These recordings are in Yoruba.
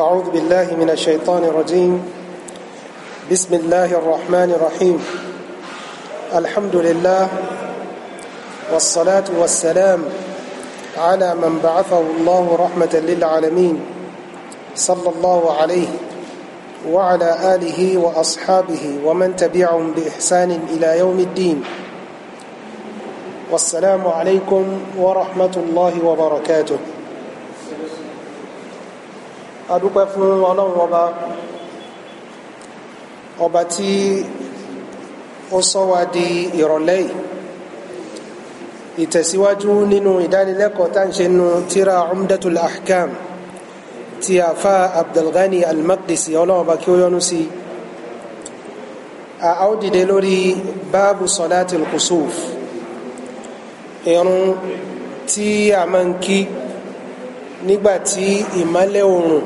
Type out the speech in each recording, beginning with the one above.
أعوذ بالله من الشيطان الرجيم بسم الله الرحمن الرحيم الحمد لله والصلاة والسلام على من بعثه الله رحمة للعالمين صلى الله عليه وعلى آله وأصحابه ومن تبعهم بإحسان إلى يوم الدين والسلام عليكم ورحمة الله وبركاته adúpẹ́ fún ọlọ́run ọba ọba tí ó sọ wa di ìrọ̀lẹ́ yìí ìtẹ̀síwájú nínú ìdánilẹ́kọ̀ọ́ tá ń ṣe nu tíra umdatul ahkam ti àfa abdulghani almaqdisi ọlọ́run ọba kí ó yọ́nú sí a lórí báàbù sọláàtì kùsùf tí a máa ń kí nígbàtí ìmọ́lẹ̀ oòrùn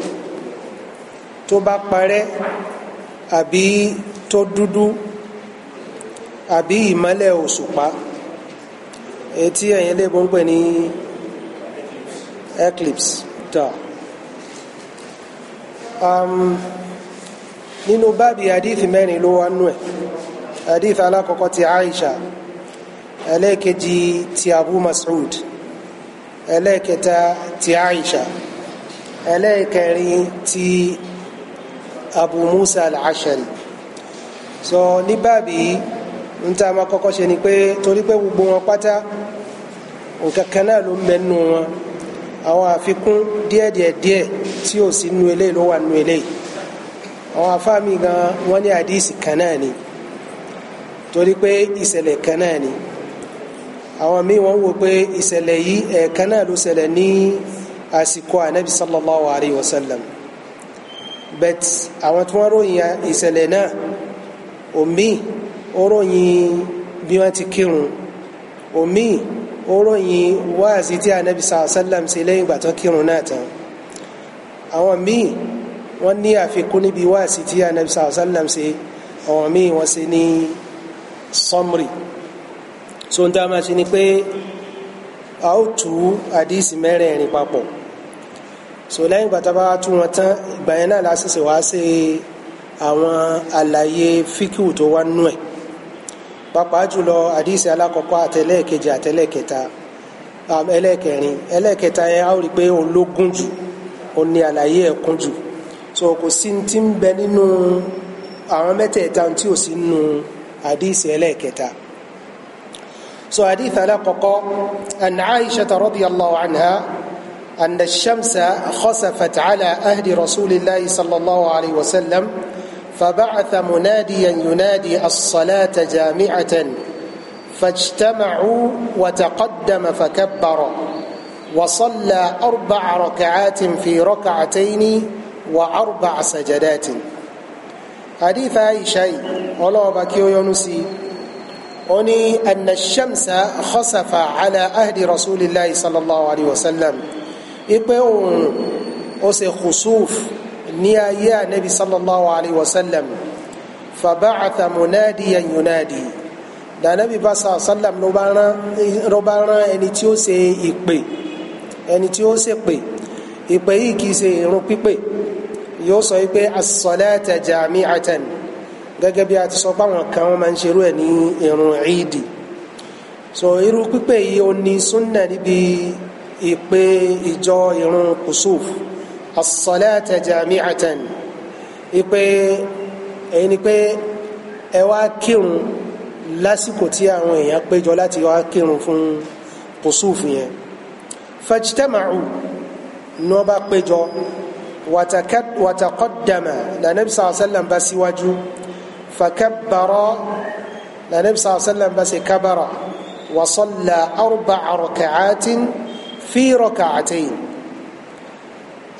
tó bá parẹ́ àbí tó dúdú àbí ìmọ́lẹ̀ òṣùpá èyí tí ẹ̀yin lè gbọ́n pè ní eclipse dà um, nínú báàbí àdífì mẹ́rin ló wá nú ẹ̀ àdífì alákọ̀ọ́kọ́ ti Aisha ẹlẹ́ẹ̀kejì ti Abu Mas'ud ẹlẹ́ẹ̀kẹta ti Aisha ẹlẹ́ẹ̀kẹrin ti Abu Musa al-Ashari so ní báàbí n ta ma kọ́kọ́ ṣe ni pé torí pé gbogbo wọn pátá nǹkan kan náà ló ń bẹ nínú wọn àwọn àfikún díẹ̀díẹ̀ tí ò sí nínú eléyìí ló wà nínú eléyìí àwọn afáàmì gan wọn ní àdíìsì kan náà ni torí pé ìṣẹ̀lẹ̀ kan náà ni àwọn míì wọ́n wò pé ìṣẹ̀lẹ̀ yìí ẹ̀ẹ̀kan náà ló ṣẹlẹ̀ ní àsìkò ànábì sallallahu alayhi wa sallam bet àwọn tí wọ́n ròyìn ìṣẹ̀lẹ̀ náà omi ó ròyìn bí wọ́n ti kírun omi ó ròyìn wáàsí tí ànábì sallallahu alayhi wa sallam ṣe lẹ́yìn ìgbà tó kírun náà tán àwọn míì wọ́n ní àfikún níbi wáàsí tí ànábì sallam ṣe àwọn míì wọ́n ṣe ní sọmrì so n ta máa ṣe ni pé a ó tú àdísì mẹ́rẹ̀ẹ̀rin papọ̀ so lẹ́yìn ìgbà tá a bá tú wọn tán ìgbà yẹn náà la ṣẹ̀ṣẹ̀ wá ṣe àwọn àlàyé fíkìwù tó wá nú ẹ̀ pàápàá jùlọ àdísì alákọ̀ọ́kọ́ àtẹlẹ́ẹ̀kejì àtẹlẹ́ẹ̀kẹta um, ẹlẹ́ẹ̀kẹrin ẹlẹ́ẹ̀kẹta yẹn a ó rí i pé òun ló gùn jù òun ni àlàyé ẹ̀ kún jù so kò sí ti ń bẹ nínú àwọn mẹ́tẹ̀ẹ̀ta tí ò sí nínú àdísì ẹlẹ́ẹ̀kẹta. So hadith أن عائشة رضي الله عنها أن الشمس خسفت على أهل رسول الله صلى الله عليه وسلم فبعث مناديا ينادي الصلاة جامعة فاجتمعوا وتقدم فكبر وصلى أربع ركعات في ركعتين وأربع سجدات حديث أي شيء الله بكي ينسي oni anna shamsa khasafa ala ahdi rasulillahi sallallahu alayhi wa sallam ipe òun ó ṣe khusuf ní ayé anabi sallallahu alayhi wa sallam fabacata munadiyan yunadi dànàbí bá sàlọ sallam ló bá rán ẹni tí ó ṣe ìpè ẹni tí ó ṣe pè ìpè yìí kì í ṣe ìrun pípè yóò sọ as gẹ́gẹ́ bí a ti sọ pé àwọn kan wọ́n máa ń ṣerú ẹ̀ ní irun ìdì so irú pípé yìí ó ní súnà níbi ìpè ìjọ irun kùsùf as-salata jami'atan ìpè èyí ni pé ẹ wá kírun lásìkò tí àwọn èèyàn péjọ láti wá kírun fún kùsùf yẹn fajtama'u ní wọ́n bá péjọ wàtàkọ́dàmà lànàbísà sallam bá síwájú. Si فكبر النبي صلى الله عليه وسلم بس كبر وصلى أربع ركعات في ركعتين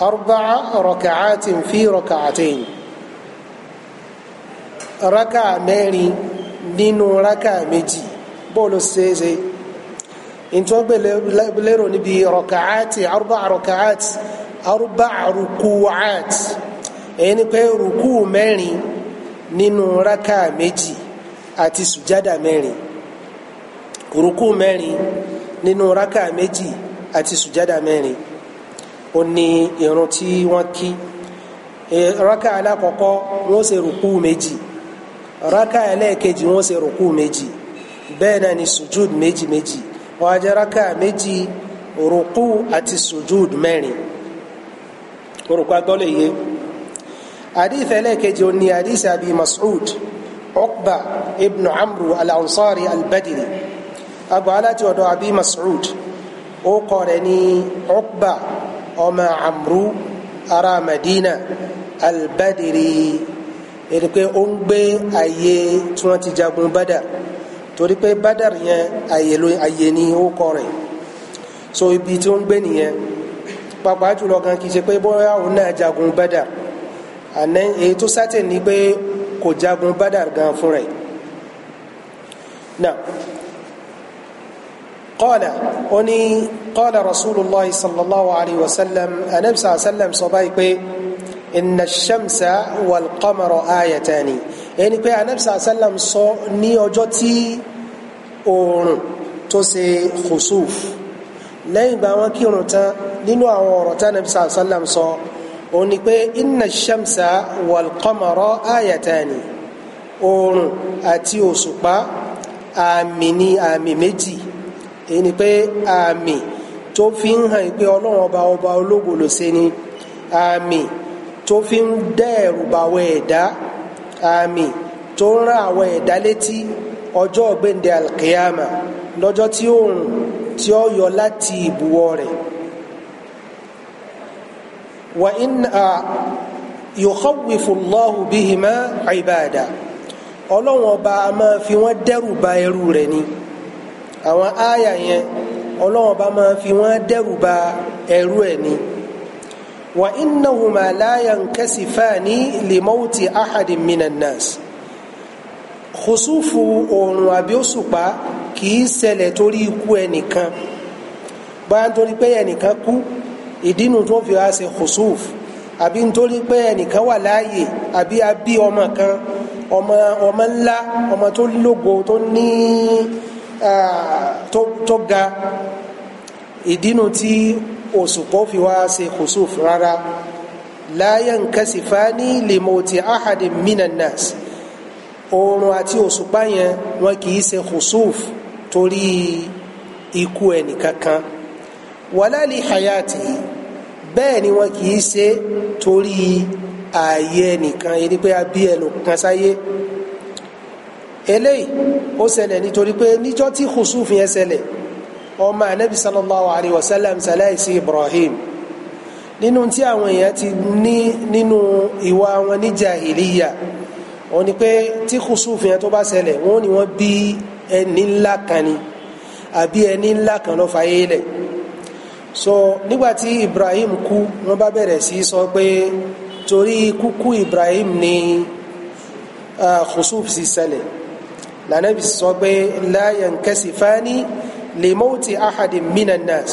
أربع ركعات في ركعتين ركع ماري نين ركع مجي بولو سيزي انتو بليرو نبي ركعات أربع ركعات أربع ركوعات يعني كي ركوع ماري nínú rákà méjì àti sùjádà mẹ́rin rúkú mẹ́rin nínú rákà méjì àti sùjádà mẹ́rin ó ní irun tí wọ́n kí rákà alákọ̀ọ́kọ́ wọ́n ṣe rúkú méjì rákà ẹlẹ́ẹ̀kejì wọ́n ṣe rúkú méjì bẹ́ẹ̀ náà ni sùjúd méjì méjì ó wá jẹ́ rákà méjì rúkú àti sùjúd mẹ́rin orúkọ agbọ́lẹ̀ yìí. حديث لك جوني حديث أبي مسعود عقبة ابن عمرو الأنصاري البدري أبو علات ودو أبي مسعود أقرني عقبة أما عمرو أرى مدينة البدري èdè pé ó ń gbé àyè tí wọ́n ti jagun bádà torí pé bádà yẹn àyè ló àyè ní ó kọ rẹ̀ so ibi tí ó ń gbé nìyẹn pàápàá jùlọ gan kì í ṣe pé bóyá òun náà jagun bádà àná èyí tó sátẹ̀ ni pé kò jagun Badar gan fún rẹ̀ náà qala ó ní qala rasulillah sallallahu alayhi wa sallam anabi sallallahu alayhi wa sallam sọ báyìí pé inna shamsa wal qamara ayatani ẹni pé anabi sallallahu alayhi wa sallam sọ ní ọjọ́ tí oòrùn tó ṣe khusuf lẹ́yìn ìgbà wọn kírun tán nínú àwọn ọ̀rọ̀ tí anabi sallam sọ. So, òun ni pé inna shamsa wal qamara ayatani oòrùn àti òṣùpá àmì ni àmì méjì èyí ni pé àmì tó fi ń hàn pé ọlọ́run ọba ọba ológo ló ṣe ni àmì tó fi ń dẹ́rù bà àwọn ẹ̀dá àmì tó ń rán àwọn ẹ̀dá létí ọjọ́ ọ̀gbẹ́ndẹ̀ alkiyama lọ́jọ́ tí oòrùn tí ó yọ láti ìbúwọ́ rẹ̀ وإن يخوف الله بهما عباده ọlọ́wọ́n ọba a máa fi wọ́n dẹ́rù ba ẹrú rẹ̀ ni àwọn àyà yẹn ọlọ́wọ́n ọba máa fi wọ́n dẹ́rù ba ẹrú ẹ̀ ni. wa innahuma la yankasifani limauti ahadin minan nas. kùsùfù oòrùn àbí kì í ṣẹlẹ̀ torí ikú ẹnìkan báyà torí pé ẹnìkan kú ìdínú tó fi wá ṣe khusuf àbí nítorí pé ẹnìkan wà láàyè àbí abí ọmọ kan ọmọ ọmọ ńlá ọmọ tó lógo tó ní tó ga ìdínú tí òṣùpá fi wá ṣe khusuf rárá la yankasifani limoti ahadin minan nas oòrùn àti òṣùpá yẹn wọn kì í ṣe khusuf torí ikú ẹnìkankan wala li hayati bẹ́ẹ̀ ni wọn kì í ṣe torí ààyè nìkan yìí ni pé abí ẹnu kan sáyé eléyìí ó ṣẹlẹ̀ nítorí pé níjọ́ tí khusuf yẹn ṣẹlẹ̀ ọmọ anabi sallallahu alayhi wa sallam ṣaláìsí ibrahim nínú tí àwọn èèyàn ti ní nínú ìwà wọn ní jahiliya wọ́n ní pé tí khusuf yẹn tó bá ṣẹlẹ̀ wọ́n ní wọ́n bí ẹni ńlá kan ni àbí ẹni ńlá kan ló fàyè lẹ̀ so nígbàtí Ibrahim kú wọ́n bá bẹ̀rẹ̀ sí sọ pé torí kúkú Ibrahim ni khusuf sì ṣẹlẹ̀ lànàbì sọ pé la yankasifani li mawti ahadin minan nas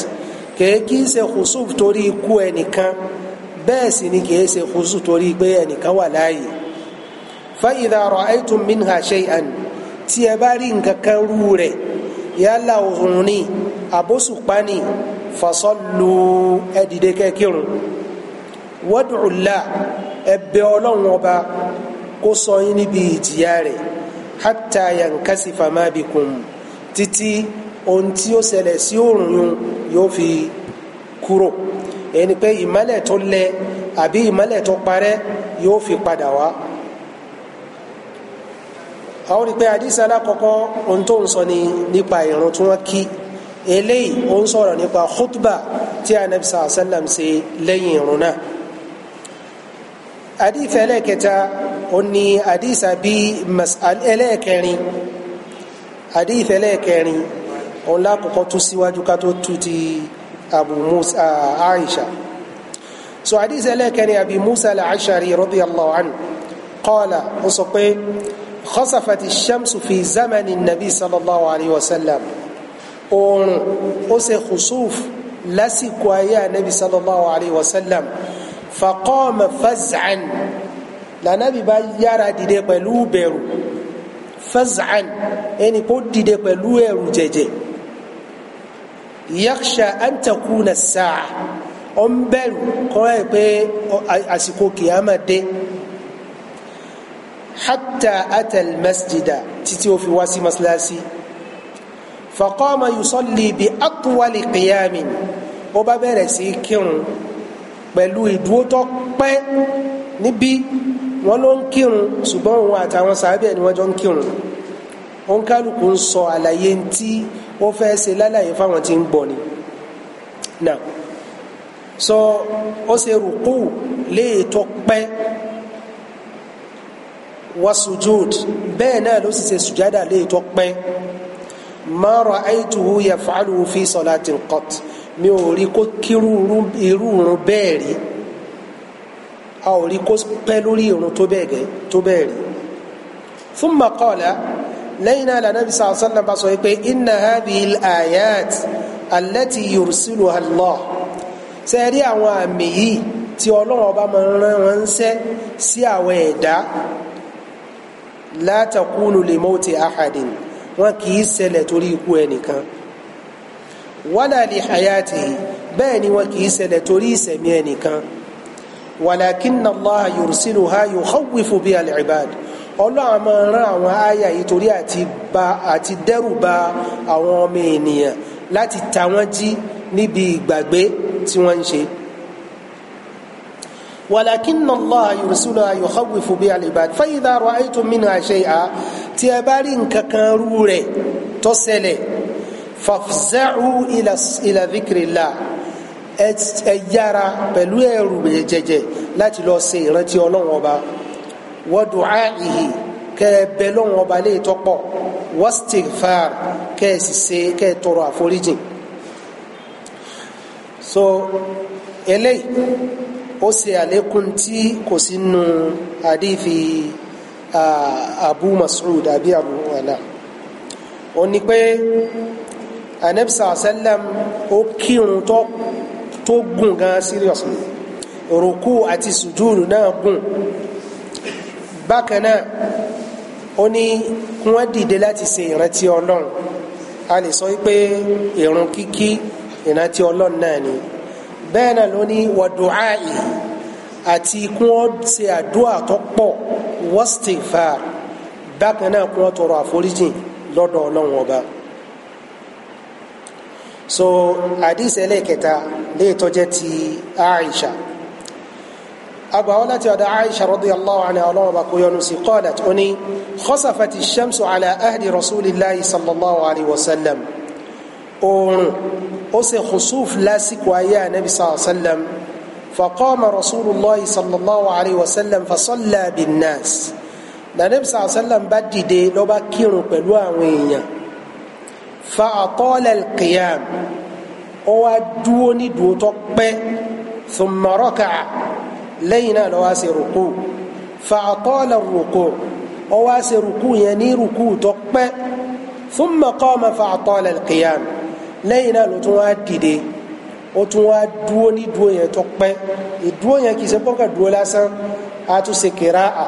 kèékì ṣe khusuf torí ikú ẹnìkan bẹ́ẹ̀ sì ni kìí ṣe kùsù torí pé ẹnìkan wà láàyè fa idha ra'aytum minha shay'an tí ẹ bá rí nǹkan kan rú rẹ̀ yálà òun ni àbóṣùpá ni fasallu ẹ dìde kẹ́ kírun wad'u Allah ẹ bẹ̀ Ọlọ́run ọba kó sọ yín níbi ìjìyà rẹ̀ hatta yankasifa ma bikum títí ohun tí ó ṣẹlẹ̀ sí òòrùn yun yóò fi kúrò ẹni pé ìmọ́lẹ̀ tó lẹ àbí ìmọ́lẹ̀ tó parẹ́ yóò fi padà wá. àwọn rí i pé ohun tó ń sọ ni nípa ìrun tí wọ́n kí eléyìí ó ń sọ̀rọ̀ nípa khutba tí anabi sàlá sàlám ṣe lẹ́yìn irun náà hadith ẹlẹ́kẹta ó ní hadith àbí ẹlẹ́kẹrin hadith ẹlẹ́kẹrin òun lákòókò tún síwájú ká tó tu ti abu musa aisha so hadith ẹlẹ́kẹrin àbí musa al-ashari radiyallahu anhu qala ó sọ pé khasafati shamsu fi zamani nabi sallallahu alayhi wa sallam. اون اوس خسوف لاسيكو يا النبي صلى الله عليه وسلم فقام فزعا لا نبي با يرا دي دي بلو بيرو فزعا اني بودي دي بلو ايرو جيجي يخشى ان تكون الساعه ام بيرو كوي بي اسيكو قيامه دي حتى اتى المسجد تيتيو في واسي مسلاسي faqama yusalli bi atwali qiyamin ó bá bẹ̀rẹ̀ sí kírun pẹ̀lú ìdúró tó pẹ́ níbí wọ́n ló ń kírun ṣùgbọ́n òun àtàwọn sàábẹ̀ ni wọ́n jọ ń kírun òǹkálùkù ń sọ àlàyé tí ó fẹ́ ṣe fáwọn tí ń gbọ́ ni náà sọ ó ṣe rùkú léètọ́ pẹ́ wá náà ló sì ṣe sùjádà léètọ́ pẹ́ ma ra'aytuhu yaf'alu fi salatin qat mi ò rí kó kírú irú irun bẹ́ẹ̀ rí a ò rí kó pẹ́ lórí irun tó bẹ́ẹ̀ gẹ́ tó bẹ́ẹ̀ rí thumma qala lẹ́yìn náà lànàbí sàlọ́ sàlọ́ bá sọ pé inna hadhihi al-ayat allati yursiluha Allah ṣe àwọn àmì yìí tí ọlọ́run ọba máa ń sí àwọn ẹ̀dá la takunu li mawti ahadin wọn kì í ṣẹlẹ̀ torí ikú ẹnìkan wala li hayatihi bẹ́ẹ̀ ni wọn kì í ṣẹlẹ̀ torí ìṣẹ̀mí ẹnìkan walakinna Allaha yursiluha yukhawwifu biha al-ibad ọlọ́run máa rán àwọn àyà yìí torí àti dẹ́rù ba àwọn ọmọ ènìyàn láti ta wọ́n jí níbi ìgbàgbé tí wọ́n ń ṣe walakin allah yursula yukhawwifu bi alibad fa idha ra'aytum minha shay'a tí ẹ bá rí nǹkan kan rú rẹ̀ tó ṣẹlẹ̀ fafza'u ila ila dhikrillah ẹ yára pẹ̀lú ẹ̀rù jẹjẹ láti lọ ṣe ìrántí Ọlọ́run Ọba wa du'a'ihi kẹ́ bẹ lọ́run Ọba lè tọ́pọ̀ wastighfar kẹ́ sì ṣe kẹ́ tọrọ àforíjìn so eléyìí ó ṣe àlékún tí kò sínú àdífi abu mas'ud àbí abu wàlà ó ní pé anabisa sallam ó kírun tó tó gùn gan seriously ruku àti sùjúdù náà gùn bákan náà ó ní wọ́n dìde láti ṣe ìrántí ọlọ́run a lè sọ pé ìrun kíkí ìrántí ọlọ́run náà ni bẹ́ẹ̀ náà ló ní wàdùáì àti kí wọ́n ṣe àdúrà tó pọ̀ wastighfar bákan náà kí wọ́n tọrọ àforíjì lọ́dọ̀ ọlọ́run ọba so hadith ẹlẹ́kẹta lè tọ́jẹ́ ti Aisha أبولتي ودى عائشة رضي الله عنها ولوم بكيونس قالت أني خسفت الشمس على أهل رسول الله صلى الله عليه وسلم أون ó ṣe khusuf lásìkò ayé anabi sallallahu alayhi wa sallam faqama rasulillah sallallahu alayhi wa sallam fasalla bin nas anabi sallallahu alayhi wa sallam bá dìde ló bá kírun pẹ̀lú àwọn èèyàn fa atala al-qiyam ó wá dúó ní dúó tó pẹ́ thumma lẹ́yìn náà ló wá ṣe fa atala rúkú ó wá ṣe rúkú yẹn ní rúkú tó pẹ́ thumma fa atala al lẹ́yìn náà ló tún wá dìde ó tún wá dúó ní dúó yẹn tó pẹ́ ìdúó yẹn kì í ṣe pọ́kà dúó lásán a tún ṣe kẹra a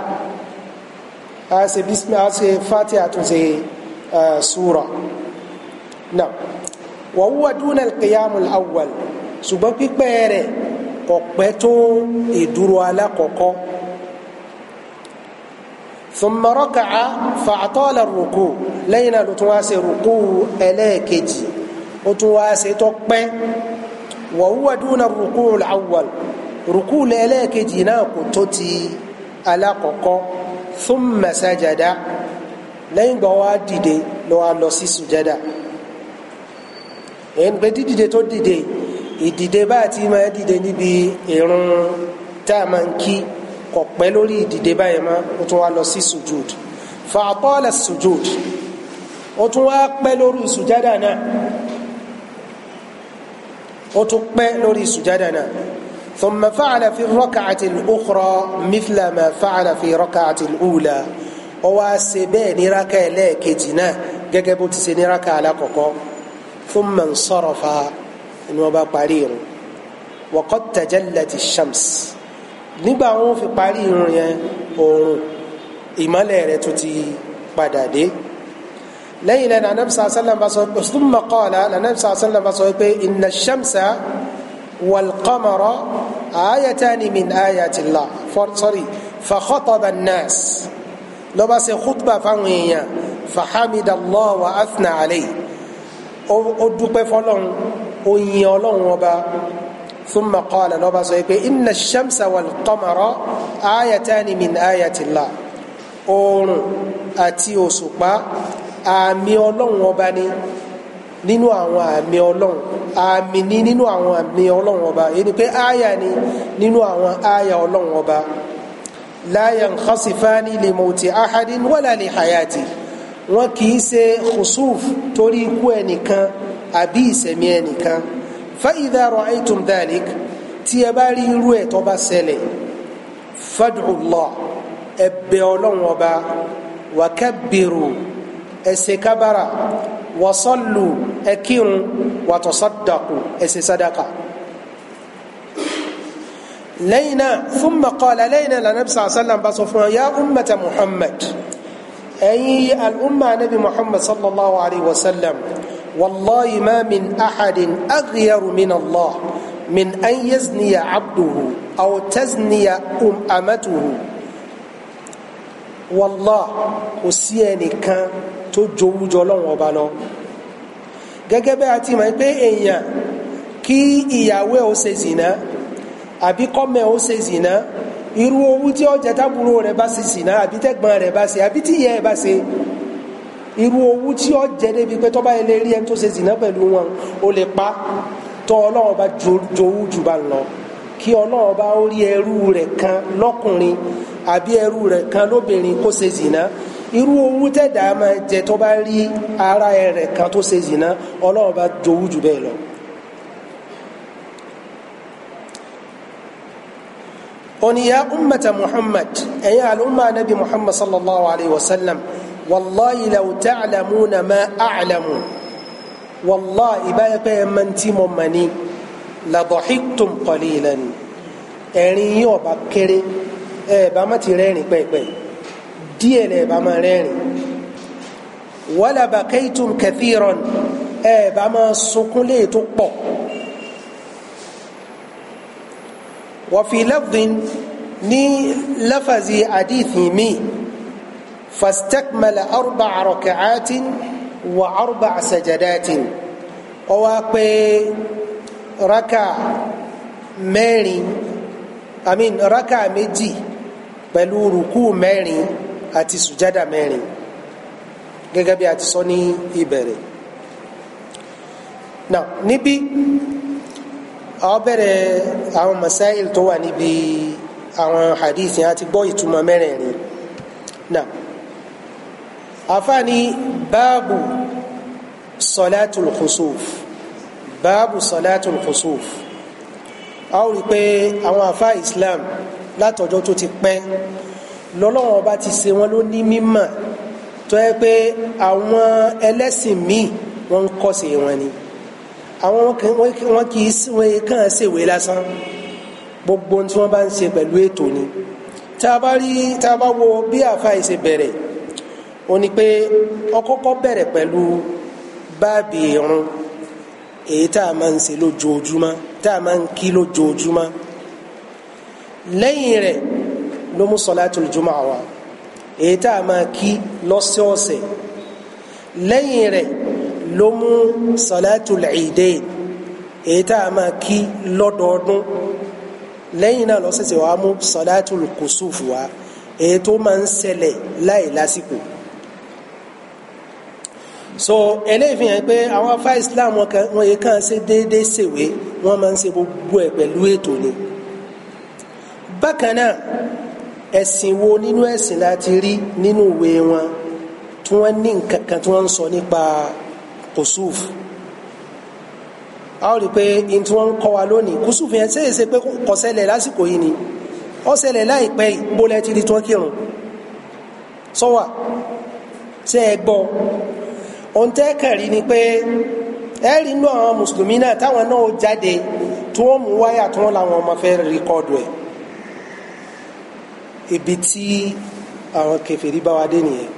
a ṣe bísímì a ṣe fati a tún ṣe ṣúra náà wa huwa dúnà al-qiyamul awwal ṣùgbọ́n pípẹ́ rẹ̀ kò pẹ́ tó ìdúró alákọ̀ọ́kọ́ ثم ركع فأطال الركوع لين لتواسي ركوع إلى كجي ó tún wá ṣe tó pẹ́ wa huwa duna rukuu al-awwal rukuu lẹ́ẹ̀kejì náà kò tó ti alákọ̀ọ́kọ́ thumma sajada lẹ́yìn gbọ́ wá dìde lọ́ wá lọ sí sùjádà ẹni pé dídìde tó dìde ìdìde bá ti máa dìde níbi ìrun tá a máa ń kí kò pẹ́ lórí ìdìde báyìí mọ́ ó tún wá lọ sí sùjúd fa sùjúd ó tún wá pẹ́ lórí sùjádà náà ó tún pẹ́ lórí sùjádà náà thumma fa'ala fi raka'ati al-ukhra mithla ma fa'ala fi raka'ati al-ula ó wá ṣe bẹ́ẹ̀ ní rákà ẹlẹ́ẹ̀kejì náà gẹ́gẹ́ bó ti ṣe ní rákà alákọ̀ọ́kọ́ thumma insarafa ni wọ́n bá parí irun wa qad shams nígbà wọn fi parí irun yẹn oòrùn ìmọ́lẹ̀ rẹ̀ tún ti padà dé lẹ́yìn lẹ́nu anabisa asalam bá sọ pé summa qala anabisa asalam bá sọ pé inna shamsa wal qamara ayatani min ayatillah for sorry fa khataba an-nas ló bá ṣe khutba fáwọn èèyàn fa hamidallah wa athna alayhi ó dúpẹ́ fọ́lọ́run ó yin ọlọ́run ọba thumma qala ló bá sọ pé inna shamsa wal ayatani min ayatillah oòrùn àti òṣùpá àmì ọlọ́run ọba ni nínú àwọn àmì ọlọ́run àmì ni nínú àwọn àmì ọlọ́run ọba èyí ni pé àyà ni nínú àwọn àyà ọlọ́run ọba la yankhasifani li mauti ahadin wala li hayati wọn kì í ṣe khusuf torí ikú ẹnìkan àbí ìṣẹ̀mí ẹnìkan fa idha ra'aytum tí ẹ bá rí irú ẹ̀ tó bá ṣẹlẹ̀ fad'u ẹ bẹ ọlọ́run ọba wa kabbiru ẹsẹ kábàrà wàsọlù ẹkírun wàtọsọdàkù ẹsẹ sadaka lẹ́yìn náà fún mọkànlá lẹ́yìn náà lànà bisá sálàm bá sọ fún wa yá ummata muhammad ẹ̀yin al'umma nabi muhammad sallallahu alaihi wa sallam wallahi ma min axadin aghyaru min allah min an yazniya cabduhu aw tazniya um amatuhu wallah kò sí ẹnìkan tó jowújọ ọlọ́run ọba lọ gẹ́gẹ́ bẹ́ẹ̀ a ti mọ̀ pé èèyàn kí ìyàwó ẹ̀ ó ṣe zìnà àbí kọ́mẹ̀ ó ṣe zìnà irú owó tí ọjà tábúrò rẹ̀ bá ṣe zìnà àbí tẹ̀gbọ́n rẹ̀ bá ṣe àbí tíyẹ̀ ẹ̀ bá ṣe irú owó tí ọjà débi pé tọ́ba ilé rí ẹni tó ṣe zìnà pẹ̀lú wọn ó lè pa tọ́ ọlọ́run ọba jowú jù bá lọ kí ọlọ́run ọba ó rí ẹrú rẹ̀ kan lọ́kùnrin àbí ẹrú rẹ̀ kan lóbìnrin kó ṣe zìnà irú owó tẹ̀dá máa jẹ tó bá rí ara rẹ̀ kan tó ṣe zìnà ọlọ́run bá jowú jù bẹ́ẹ̀ lọ. oniya ummata muhammad ẹ̀yin al'umma nabi muhammad sallallahu alayhi wa sallam wallahi law ta'lamuna ma a'lamu wallahi ìbáyẹ ẹ máa ń tí mo mà ní la dhahiktum qalilan ẹ̀rín yóò bá kéré ẹ̀ bá má ti rẹ́rìn pẹ́ẹ́pẹ́ẹ́ díẹ̀ lẹ bá máa rẹ́rìn wala bakaytum kathiran ẹ bá máa sunkún lè tó pọ̀ wa fi lafdhin ní lafazi àdìsí mi fastakmala arba'a raka'atin wa arba'a sajadatin ó wá pé raka mẹ́rin i mean raka méjì pẹ̀lú rùkú mẹ́rin àti sùjádà mẹ́rin gẹ́gẹ́ bí a ti sọ ní ìbẹ̀rẹ̀ náà níbí àwọn bẹ̀rẹ̀ àwọn masáìl tó wà níbi àwọn hadith yẹn àti gbọ́ ìtumọ̀ mẹ́rẹ̀ẹ̀rin náà àfáàní báàbù sọlátùl khusuf báàbù sọlátùl khusuf a rí i pé àwọn àfáà Islam látọjọ́ tó ti pẹ́ lọ́lọ́wọ́n ọba ti ṣe wọn ló ní mímọ̀ tó yẹ pé àwọn ẹlẹ́sìn míì wọ́n ń kọ́sẹ̀ wọn ni àwọn wọn kì í kàn ṣèwé lásán gbogbo tí wọ́n bá ń ṣe pẹ̀lú ètò ni tá a bá rí tá a bá wo bí àfáà ṣe bẹ̀rẹ̀ ó ní pé ọkọ́kọ́ bẹ̀rẹ̀ pẹ̀lú báàbì irun èyí tá a máa ń ṣe lójoojúmọ́ tá a máa ń kí lójoojúmọ́ lẹ́yìn rẹ̀ ló mú sọlátul jumu'a wá èyí tá a máa kí lọ́sọ̀ọ̀sẹ̀ lẹ́yìn rẹ̀ ló mú sọlátul ìdẹ́yìn èyí tá a máa kí lọ́dọọdún lẹ́yìn náà lọ́sẹ̀sẹ̀ wàá mú sọlátul kùsùf wá èyí tó máa ń ṣẹlẹ̀ láì lásìkò so eléyìí fi hàn pé àwọn afá islam wọn yìí kàn ṣe déédéé ṣèwé wọn máa ń ṣe gbogbo ẹ̀ pẹ̀lú ètò ni bákan náà ẹ̀sìn wo nínú ẹ̀sìn láti rí nínú ìwé wọn tí wọ́n ní nǹkan tí wọ́n ń sọ nípa kùsùf a ó rí i pé n tí wọ́n ń kọ́ wa lónìí kùsùf yẹn ṣe é ṣe pé kò ṣẹlẹ̀ lásìkò yìí ni ó ṣẹlẹ̀ láìpẹ́ bólẹ̀ ti di tí wọ́n kírun sọ́wà ṣe é gbọ́ ohun tẹ́ kàn ni pé ẹ rí inú àwọn mùsùlùmí náà táwọn náà jáde tí wọ́n mú wáyà tí wọ́n làwọn ọmọ fẹ́ rìkọ́dù ẹ̀ ibi tí àwọn kèfèrí bá wa dé nìyẹn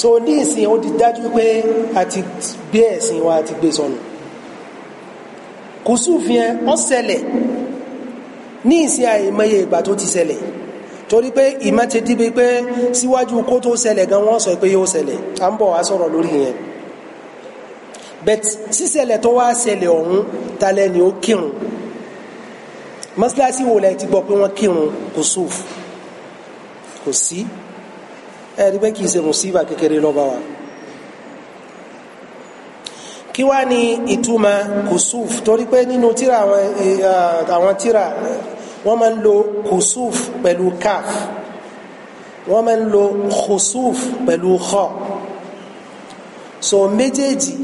so ní ìsìn ó ti dájú pé a ti gbé ẹ̀sìn wa a ti gbé sọnù kùsùfin ẹ ọ ṣẹlẹ̀ ní ìsìn àìmọye ìgbà tó ti ṣẹlẹ̀ torí pé ìmọ̀ ti díbi pé síwájú kó tó ṣẹlẹ̀ gan wọ́n sọ pé yóò ṣẹlẹ̀ à ń bọ̀ wá sọ̀rọ̀ lórí yẹn bẹ́ẹ̀ síṣẹlẹ̀ tó wá ṣẹlẹ̀ ọ̀hún talẹ̀ ni ó kírun mọ́sálásí wo lẹ ti gbọ́ pé wọ́n kírun kùsùf kò sí ẹ̀rí pé kì í ṣe mùsíbà kékeré lọ́ba wa kí wá ní ìtumọ̀ kùsùf torí pé nínú tíra àwọn tíra wọ́n máa ń lo kùsùf pẹ̀lú káf wọ́n máa ń lo kùsùf pẹ̀lú kọ́ so méjèèjì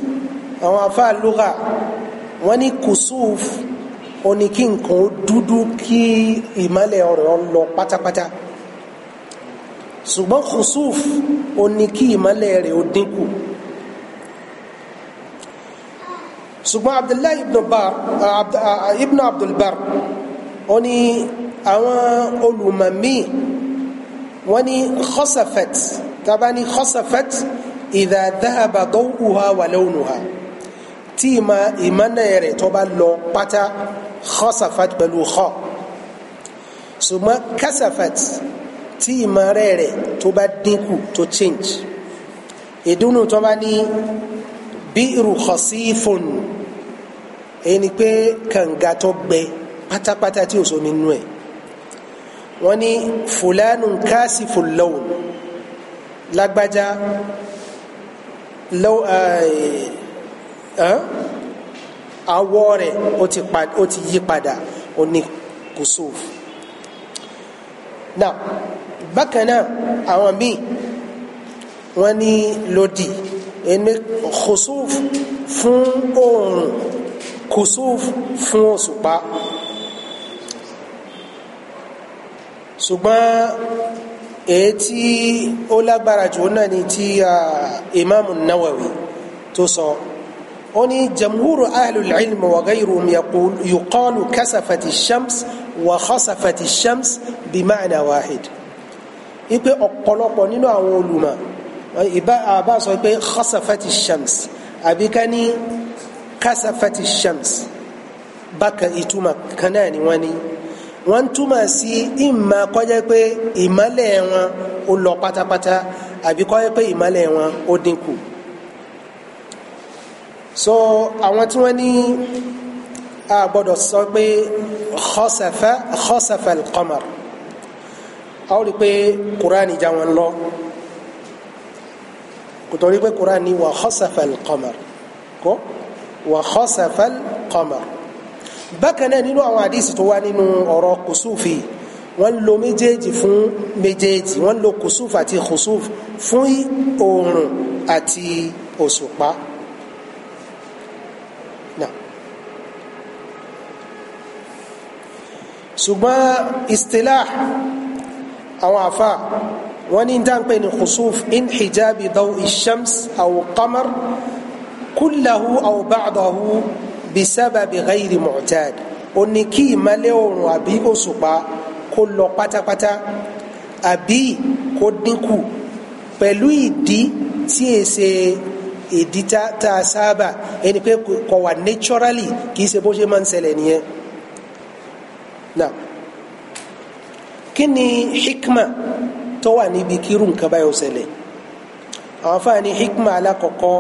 àwọn afáàlúgà wọ́n ní kùsùf ó ní kí nǹkan ó dúdú kí ìmọ́lẹ̀ ọ̀rọ̀ ọ lọ pátápátá ṣùgbọ́n khusuf ó ní kí ìmọ́lẹ̀ rẹ̀ ó dínkù ṣùgbọ́n abdullahi ibn bar ibn abdulbar ó ní àwọn olùmọ̀mí wọ́n ní khosafet tàbá ní khosafet idha dhahaba dawuha wa lawnuha tí ìmọ́lẹ̀ rẹ̀ tó bá lọ pátá khasafat pẹ̀lú kọ́ ṣùgbọ́n kasafat tí ìmọ̀rẹ́ rẹ̀ tó bá dínkù tó change ìdúnnù tó bá ní bi'ru khasifun ẹni pé kànga tó gbẹ pátápátá tí ò so nínú ẹ̀ wọ́n ní fulanu kasiful lawn lágbájá law ẹ̀ eh, ẹ́. Eh, awọ rẹ̀ ó ti yí padà ó ní kusuf now bákan náà àwọn míì wọ́n ní lòdì ẹni kusuf fún oòrùn kusuf fún òṣùpá ṣùgbọ́n èyí tí ó lágbára jù náà ni ti Imam Nawawi tó sọ. So, أني جمهور أهل العلم وغيرهم يقول يقال كسفت الشمس وخسفت الشمس بمعنى واحد ipe ọ̀pọ̀lọpọ̀ nínú àwọn olùmọ̀ ìbá àbá sọ pé khasafati shams àbí ká ní kasafati shams bákan ìtumọ̀ kan náà ni wọ́n ní wọ́n túmọ̀ sí ìmọ̀ kọjá pé ìmọ̀lẹ̀ wọn ó lọ pátápátá àbí pé ìmọ̀lẹ̀ wọn ó dínkù so àwọn tí wọ́n ní a gbọ́dọ̀ sọ pé khasafa khasafa al-qamar a ó rí pé kúránì já wọn lọ kò torí pé kúránì wà khasafa al-qamar kó wà khasafa al-qamar bákan nínú àwọn àdísì tó wá nínú ọ̀rọ̀ kùsùfì wọ́n lo méjèèjì fún méjèèjì wọ́n lo kùsùf àti kùsùf fún oòrùn àti òṣùpá. ṣùgbọ́n istilah àwọn àfa wọ́n ní dáńpẹ́ ní khusuf in hijabi daw ishams aw qamar kullahu aw ba'dahu bisababi ghayri mu'tad ó ní kí ìmọ́lẹ̀ oòrùn àbí òṣùpá kó lọ pátápátá àbí kó dínkù pẹ̀lú ìdí tí è ṣe ìdí tá a sábà ẹni pé kò wà naturally kì í ṣe bó ṣe máa ń ṣẹlẹ̀ nìyẹn na kí ni hikma tó wà níbi kírun nǹkan báyọ̀ ṣẹlẹ̀ àwọn fáàní hikma alákọ̀ọ́kọ́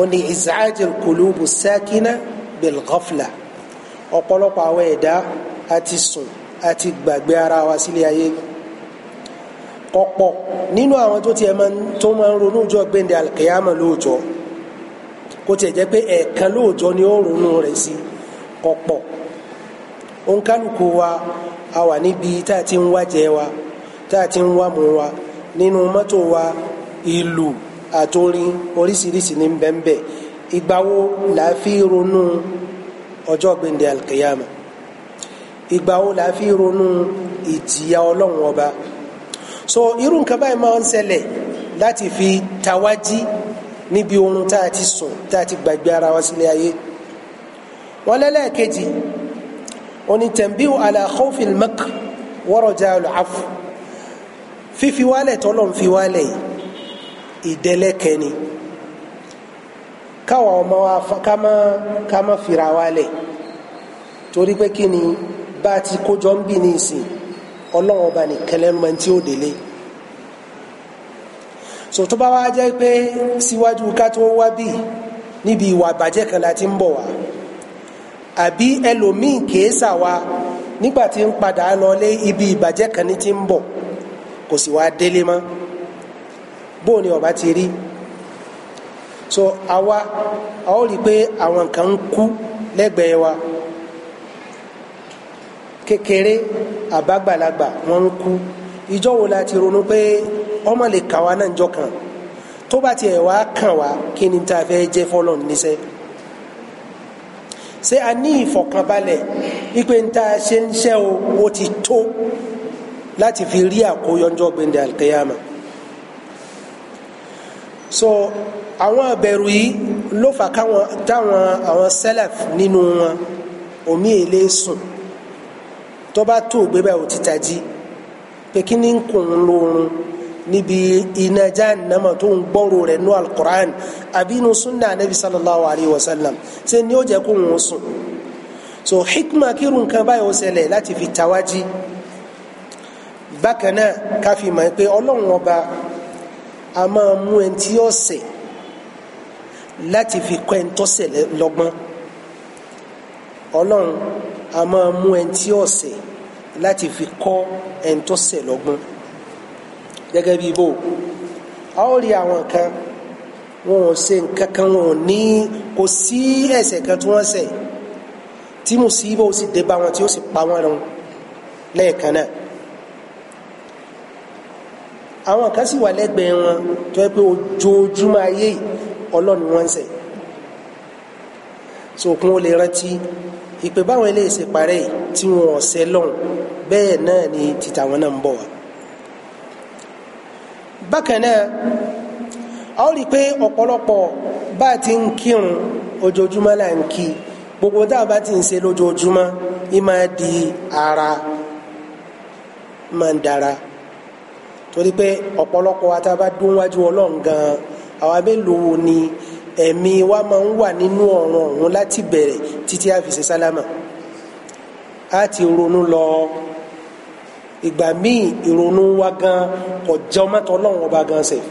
òní ìzáàjì kùlùbù sákínà bilghafla ọ̀pọ̀lọpọ̀ àwọn ẹ̀dá àti sùn àti gbàgbé ara wa sílé ayé ọ̀pọ̀ nínú àwọn tó tiẹ̀ máa tó máa ń ronú ọjọ́ gbẹ̀ndẹ̀ alkiyama lóòjọ́ kó tiẹ̀ jẹ́ pé ẹ̀ẹ̀kan lóòjọ́ ni ó ronú rẹ̀ sí ọ̀pọ̀ ònkálùkù wa a wà níbi tá a ti ń wájẹ wa tá a ti ń wa nínú mọ́tò wa ìlú àtòrin oríṣiríṣi ní bẹ́ńbẹ́ la fi ronú ọjọ́ gbẹ̀ndẹ̀ alkiyama fi ronú ìjìyà ọlọ́run ọba so irú nǹkan báyìí máa ń ṣẹlẹ̀ láti fi tawájí níbi oorun tá a ti sùn tá ti gbàgbé ara wa sílé oni tanbihu ala khawfil makr wa raja'ul afu fífi wálẹ̀ tọ́lọ̀ ń fi wálẹ̀ ìdẹ́lẹ́kẹ́ ni káwa ọmọ wa ká má ká má fira wálẹ̀ torí pé kí ni bá a ti kójọ ń bì ní ìsìn ọlọ́run ọba nìkan lẹ́nu máa tí ó délé sòtú jẹ́ pé síwájú ká tó wá bì níbi ìwà àbàjẹ́ kan la ń bọ̀ wá àbí ẹlòmíì kèésà wa nígbà tí ń padà lọ ibi ìbàjẹ́ kan ní ti ń bọ̀ kò sì wá délé mọ́ bó ni ọba ti rí so awa a ó rí i pé àwọn kan ń kú lẹ́gbẹ̀ẹ́ wa kékeré àbágbàlagbà wọ́n ń kú ìjọ wo la ti ronú pé ọmọ lè kà wá náà jọ kan tó bá tiẹ̀ wá kàn wá kí ni tá a fẹ́ jẹ́ fọlọ́ọ̀ níṣẹ́ ṣé a ní ìfọ̀kànbalẹ̀ ipe ń ta ṣe ń ṣẹ́ o ó ti tó láti fi rí àkóyọjọ́ gbẹ̀ndẹ̀ alkiyama so àwọn abẹ̀rù yìí ló fà káwọn táwọn àwọn sẹ́lẹ̀f nínú wọn omi èlé sùn tó bá tó gbé báyìí ó ti tají pé kí ni ń kùn lóorun níbi iná jahannama tó ń gbọ́rò rẹ̀ nú alukur'an àbí inú sunna anabi sallallahu alayhi wa sallam ṣe ni ó jẹ́ kó ń sùn so hikma kírun nǹkan báyìí ó ṣẹlẹ̀ láti fi tawájí bákan náà ká fi mọ̀ pé ọlọ́run ọba a máa mú ẹni tí ó ṣẹ̀ láti fi kọ́ ẹni tó ṣẹ̀ lọ́gbọ́n ọlọ́run a máa mú ẹni tí ó ṣẹ̀ láti fi kọ́ ẹni tó ṣẹ̀ lọ́gbọ́n gẹ́gẹ́ bí bò a ó rí àwọn kan wọn ò ṣe nǹkan kan wọn ò ní kò sí ẹ̀ṣẹ̀ kan tí wọ́n ṣẹ̀ tí mo sì bò sì dé bá wọn tí ó sì pa wọn run lẹ́ẹ̀kan náà àwọn kan sì wà lẹ́gbẹ̀ẹ́ wọn tó yẹ pé ojoojúmọ́ ayé ọlọ́run wọn ń ṣẹ̀ sókun ó lè rántí ìpè báwọn eléyìí ṣe parẹ́ tí wọn ọ̀sẹ̀ lọ́hùn bẹ́ẹ̀ náà ni títàwọn náà ń bọ̀ wá bákan náà a ó rí i pé ọ̀pọ̀lọpọ̀ bá a ti ń kírun ojoojúmọ́ là ń kí gbogbo tá a bá ti ń ṣe lójoojúmọ́ ì máa di ara máa ń dára torí pé ọ̀pọ̀lọpọ̀ wa tá a bá dún wájú ọlọ́run gan-an àwa mélòó ni ẹ̀mí wa máa ń wà nínú ọ̀ràn ọ̀hún láti bẹ̀rẹ̀ títí a sálámà a ti ronú lọ ìgbà míì ìrònú wa gan ọ̀jẹ́ ọmọ tó ọlọ́run ọba gan sẹ̀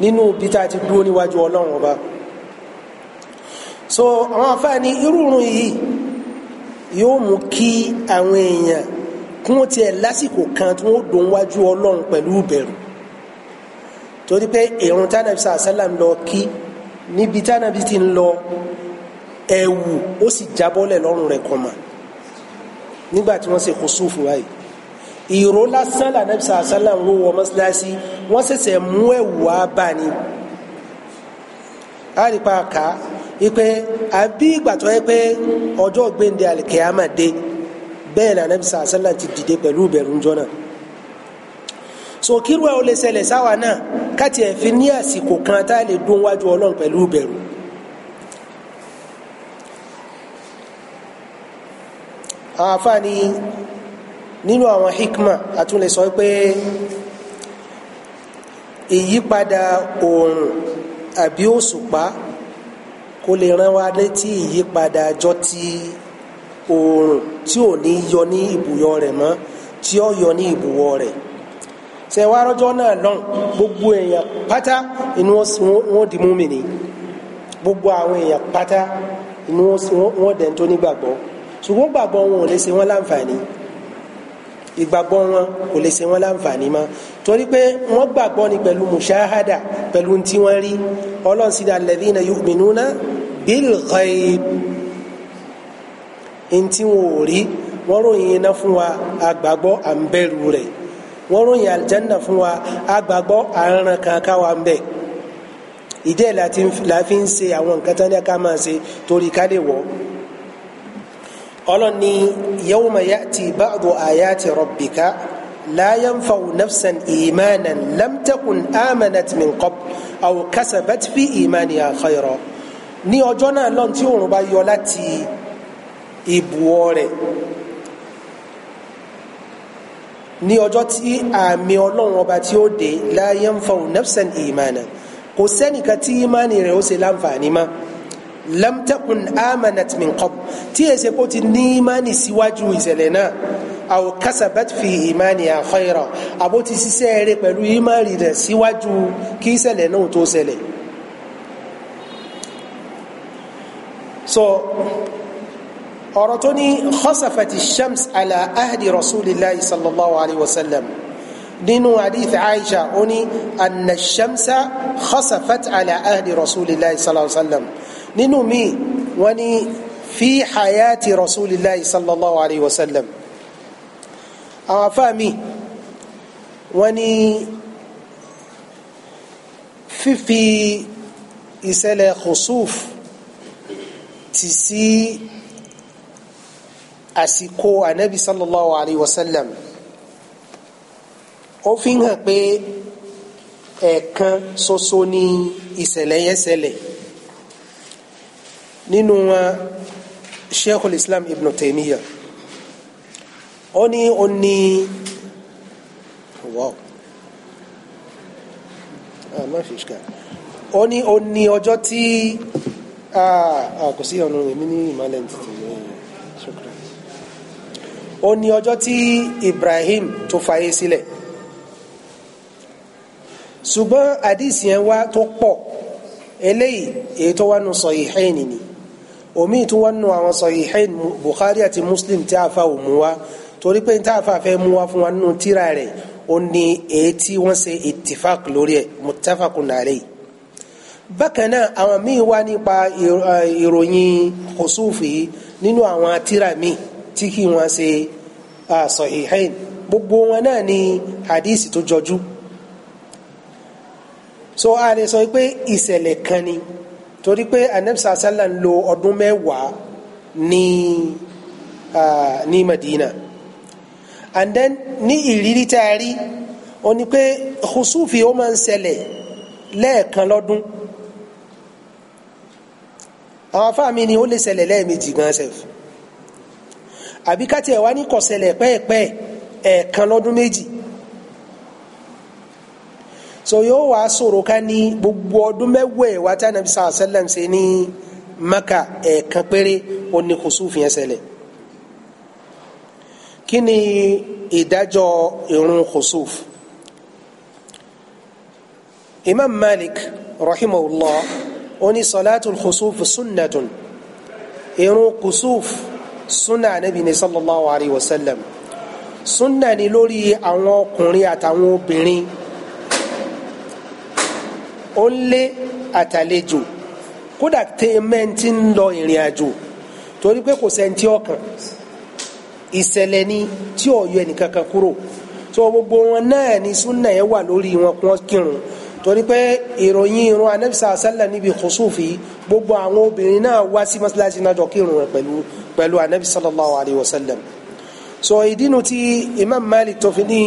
nínú bí ti dúró níwájú ọlọ́run ọba so àwọn afáàní irúurun yìí yóò mú kí àwọn èèyàn kún ó tiẹ̀ lásìkò kan tí wọ́n dùn wájú ọlọ́run pẹ̀lú ìbẹ̀rù torí pé èrùn tánàbí sàṣálà ń lọ kí níbi tánàbí ti ń lọ ẹ̀wù ó sì jábọ́lẹ̀ lọ́rùn rẹ̀ kọ̀mà nígbà tí wọ́n ṣe kó sùn fún wa yìí ìró lásán lànàbí sàásálà ń wọ mọ́sálásí wọ́n ṣẹ̀ṣẹ̀ mú ẹ̀wù wá bá ni àrípa ká ipe àbí ìgbà tó yẹ pé ọjọ́ gbẹ̀ndẹ̀ àlìkèyàmà dé bẹ́ẹ̀ lànàbí sàásálà ti dìde pẹ̀lú ìbẹ̀rù ńjọ́ náà so kírú ẹ̀ o lè ṣẹlẹ̀ sáwa náà káti ẹ̀ fi ní àsìkò kan tá a lè dún wájú ọlọ́run pẹ̀lú ìbẹ̀rù. àfààní nínú àwọn hikma a sọ pé ìyípadà oòrùn àbí òṣùpá kó lè rán wa létí ìyípadà ọjọ́ tí oòrùn tí ò ní yọ ní ìbùyọ rẹ̀ mọ́ tí ó yọ ní ìbùwọ̀ rẹ̀ ṣe wá rọ́jọ́ náà lọ́n gbogbo èèyàn pátá inú wọn di mùmínì gbogbo àwọn èèyàn pátá inú wọn dẹ̀ ń tó nígbàgbọ́ ṣùgbọ́n gbàgbọ́ wọn ò lè ṣe wọn láǹfààní ìgbàgbọ́ wọn kò lè ṣe wọn láǹfààní mọ́ torí pé wọ́n gbàgbọ́ ni pẹ̀lú mushahada pẹ̀lú tí wọ́n rí ọlọ́run sí alladhina yu'minuna bil ghaib ntí wọn ò rí wọ́n ròyìn iná fún wa àgbàgbọ́ à ń bẹ̀rù rẹ̀ wọ́n ròyìn aljanna fún wa àgbàgbọ́ àrùn kankan wa ń bẹ̀ ìdí ẹ̀ la fi ń ṣe àwọn nǹkan tán ní ká máa ṣe torí ká lè wọ̀ ọ́ ọlọ́ni yawma ya'ti ba'du ayati rabbika la yanfa'u nafsan imanan lam takun amanat min qabl aw kasabat fi imaniha khayra ní ọjọ́ náà lọ́n tí òòrùn bá yọ láti ibùwọ̀ rẹ̀ ní ọjọ́ tí àmì ọlọ́run ọba tí ó dé la nafsan imanan kò sẹ́nìkan tí ìmánì rẹ̀ ó ṣe láǹfààní máa lam takun amanat min qabl tí èsè kó ti ní ìmánì síwájú ìṣẹ̀lẹ̀ náà aw kasabat fi imaniha khayra àbó ti ṣiṣẹ́ rẹ̀ pẹ̀lú ìmánì rẹ̀ síwájú kí ìṣẹ̀lẹ̀ náà tó ṣẹlẹ̀. so ọ̀rọ̀ tó ní khasafati shams ala ahdi rasulillahi sallallahu alayhi wa sallam nínú hadith aisha ó ní anna shamsa khasafat ala ahdi rasulillahi sallallahu alayhi wa sallam nínú mi wọ́n ní fi hayati rasulillahi sallallahu alayhi wa sallam àwọn afáàmì wọ́n ní fífi ìṣẹ̀lẹ̀ khusuf ti sí àsìkò anabi sallallahu alayhi wa sallam ó fi hàn pé ẹ̀ẹ̀kan ṣoṣo ni ìṣẹ̀lẹ̀ yẹn ṣẹlẹ̀ nínú wọn sheikhul islam ibn taymiya ó ní ó ní wow ah má fi ṣíkà ó ní ó ní ọjọ́ tí ah, ah, kò sí ọ̀nà èmi ní ìmọ̀lẹ̀ tuntun eh, ó ní ọjọ́ tí ibrahim tó fayé sílẹ̀ ṣùgbọ́n àdìsí yẹn wá tó pọ̀ eléyìí èyí tó wá nù Sahihaini ni omi tún wá nù àwọn Sahihain Bukhari àti Muslim tí a fa òmu wa torí pé tá a fa fẹ́ mú wa fún wa nù tíra rẹ̀ ó ní èyí tí wọ́n ṣe ittifaq lórí ẹ̀ muttafaqun alayhi bákan náà àwọn míì wá nípa ìròyìn kòsúfì nínú àwọn tíra míì tí kì wọ́n ṣe Sahihain gbogbo wọn náà ni hadith tó jọjú so a lè sọ pé ìṣẹ̀lẹ̀ kan ni torí pé anamsa asala ń lo ọdún mẹ́wàá ní ní Madina and then ní ìrírí taari a rí ó ní pé kùsùfì ó máa ń ṣẹlẹ̀ lẹ́ẹ̀kan lọ́dún àwọn afáàmì ni ó lè ṣẹlẹ̀ lẹ́ẹ̀mejì gan sef àbí ká wá ní kò ṣẹlẹ̀ ẹ̀ẹ̀kan lọ́dún méjì so yóò wá sọ̀rọ̀ ká ní gbogbo ọdún mẹ́wẹ̀ẹ́ wa tí anabi sàlá sẹ́lẹ̀m ṣe ní maka ẹ̀ẹ̀kan péré ó ní kùsùfù yẹn ṣẹlẹ̀ kí ni ìdájọ́ ìrun kùsùfù imam malik rahimahullah ó ní salatul kùsùfù sunnatun ìrun kùsùfù sunna anabi ni sallallahu alayhi wa sallam sunna ni lórí àwọn ọkùnrin àtàwọn obìnrin ó lé àtàlejò kódà tẹ́mẹ́ntì ń lọ ìrìn àjò torí pé kò sẹ́ntì ọkàn ìṣẹ̀lẹ̀ ni tí ò ẹnìkankan kúrò tó gbogbo wọn náà ni súnà yẹn wà lórí wọn kí wọ́n kírun torí pé ìròyìn irun anabisa asálà níbi kùsùfì gbogbo àwọn obìnrin náà wá sí mọ́sálásí náà jọ kírun rẹ̀ pẹ̀lú pẹ̀lú anabisa sallallahu alayhi wa sallam so ìdínú tí imam malik tó fi ní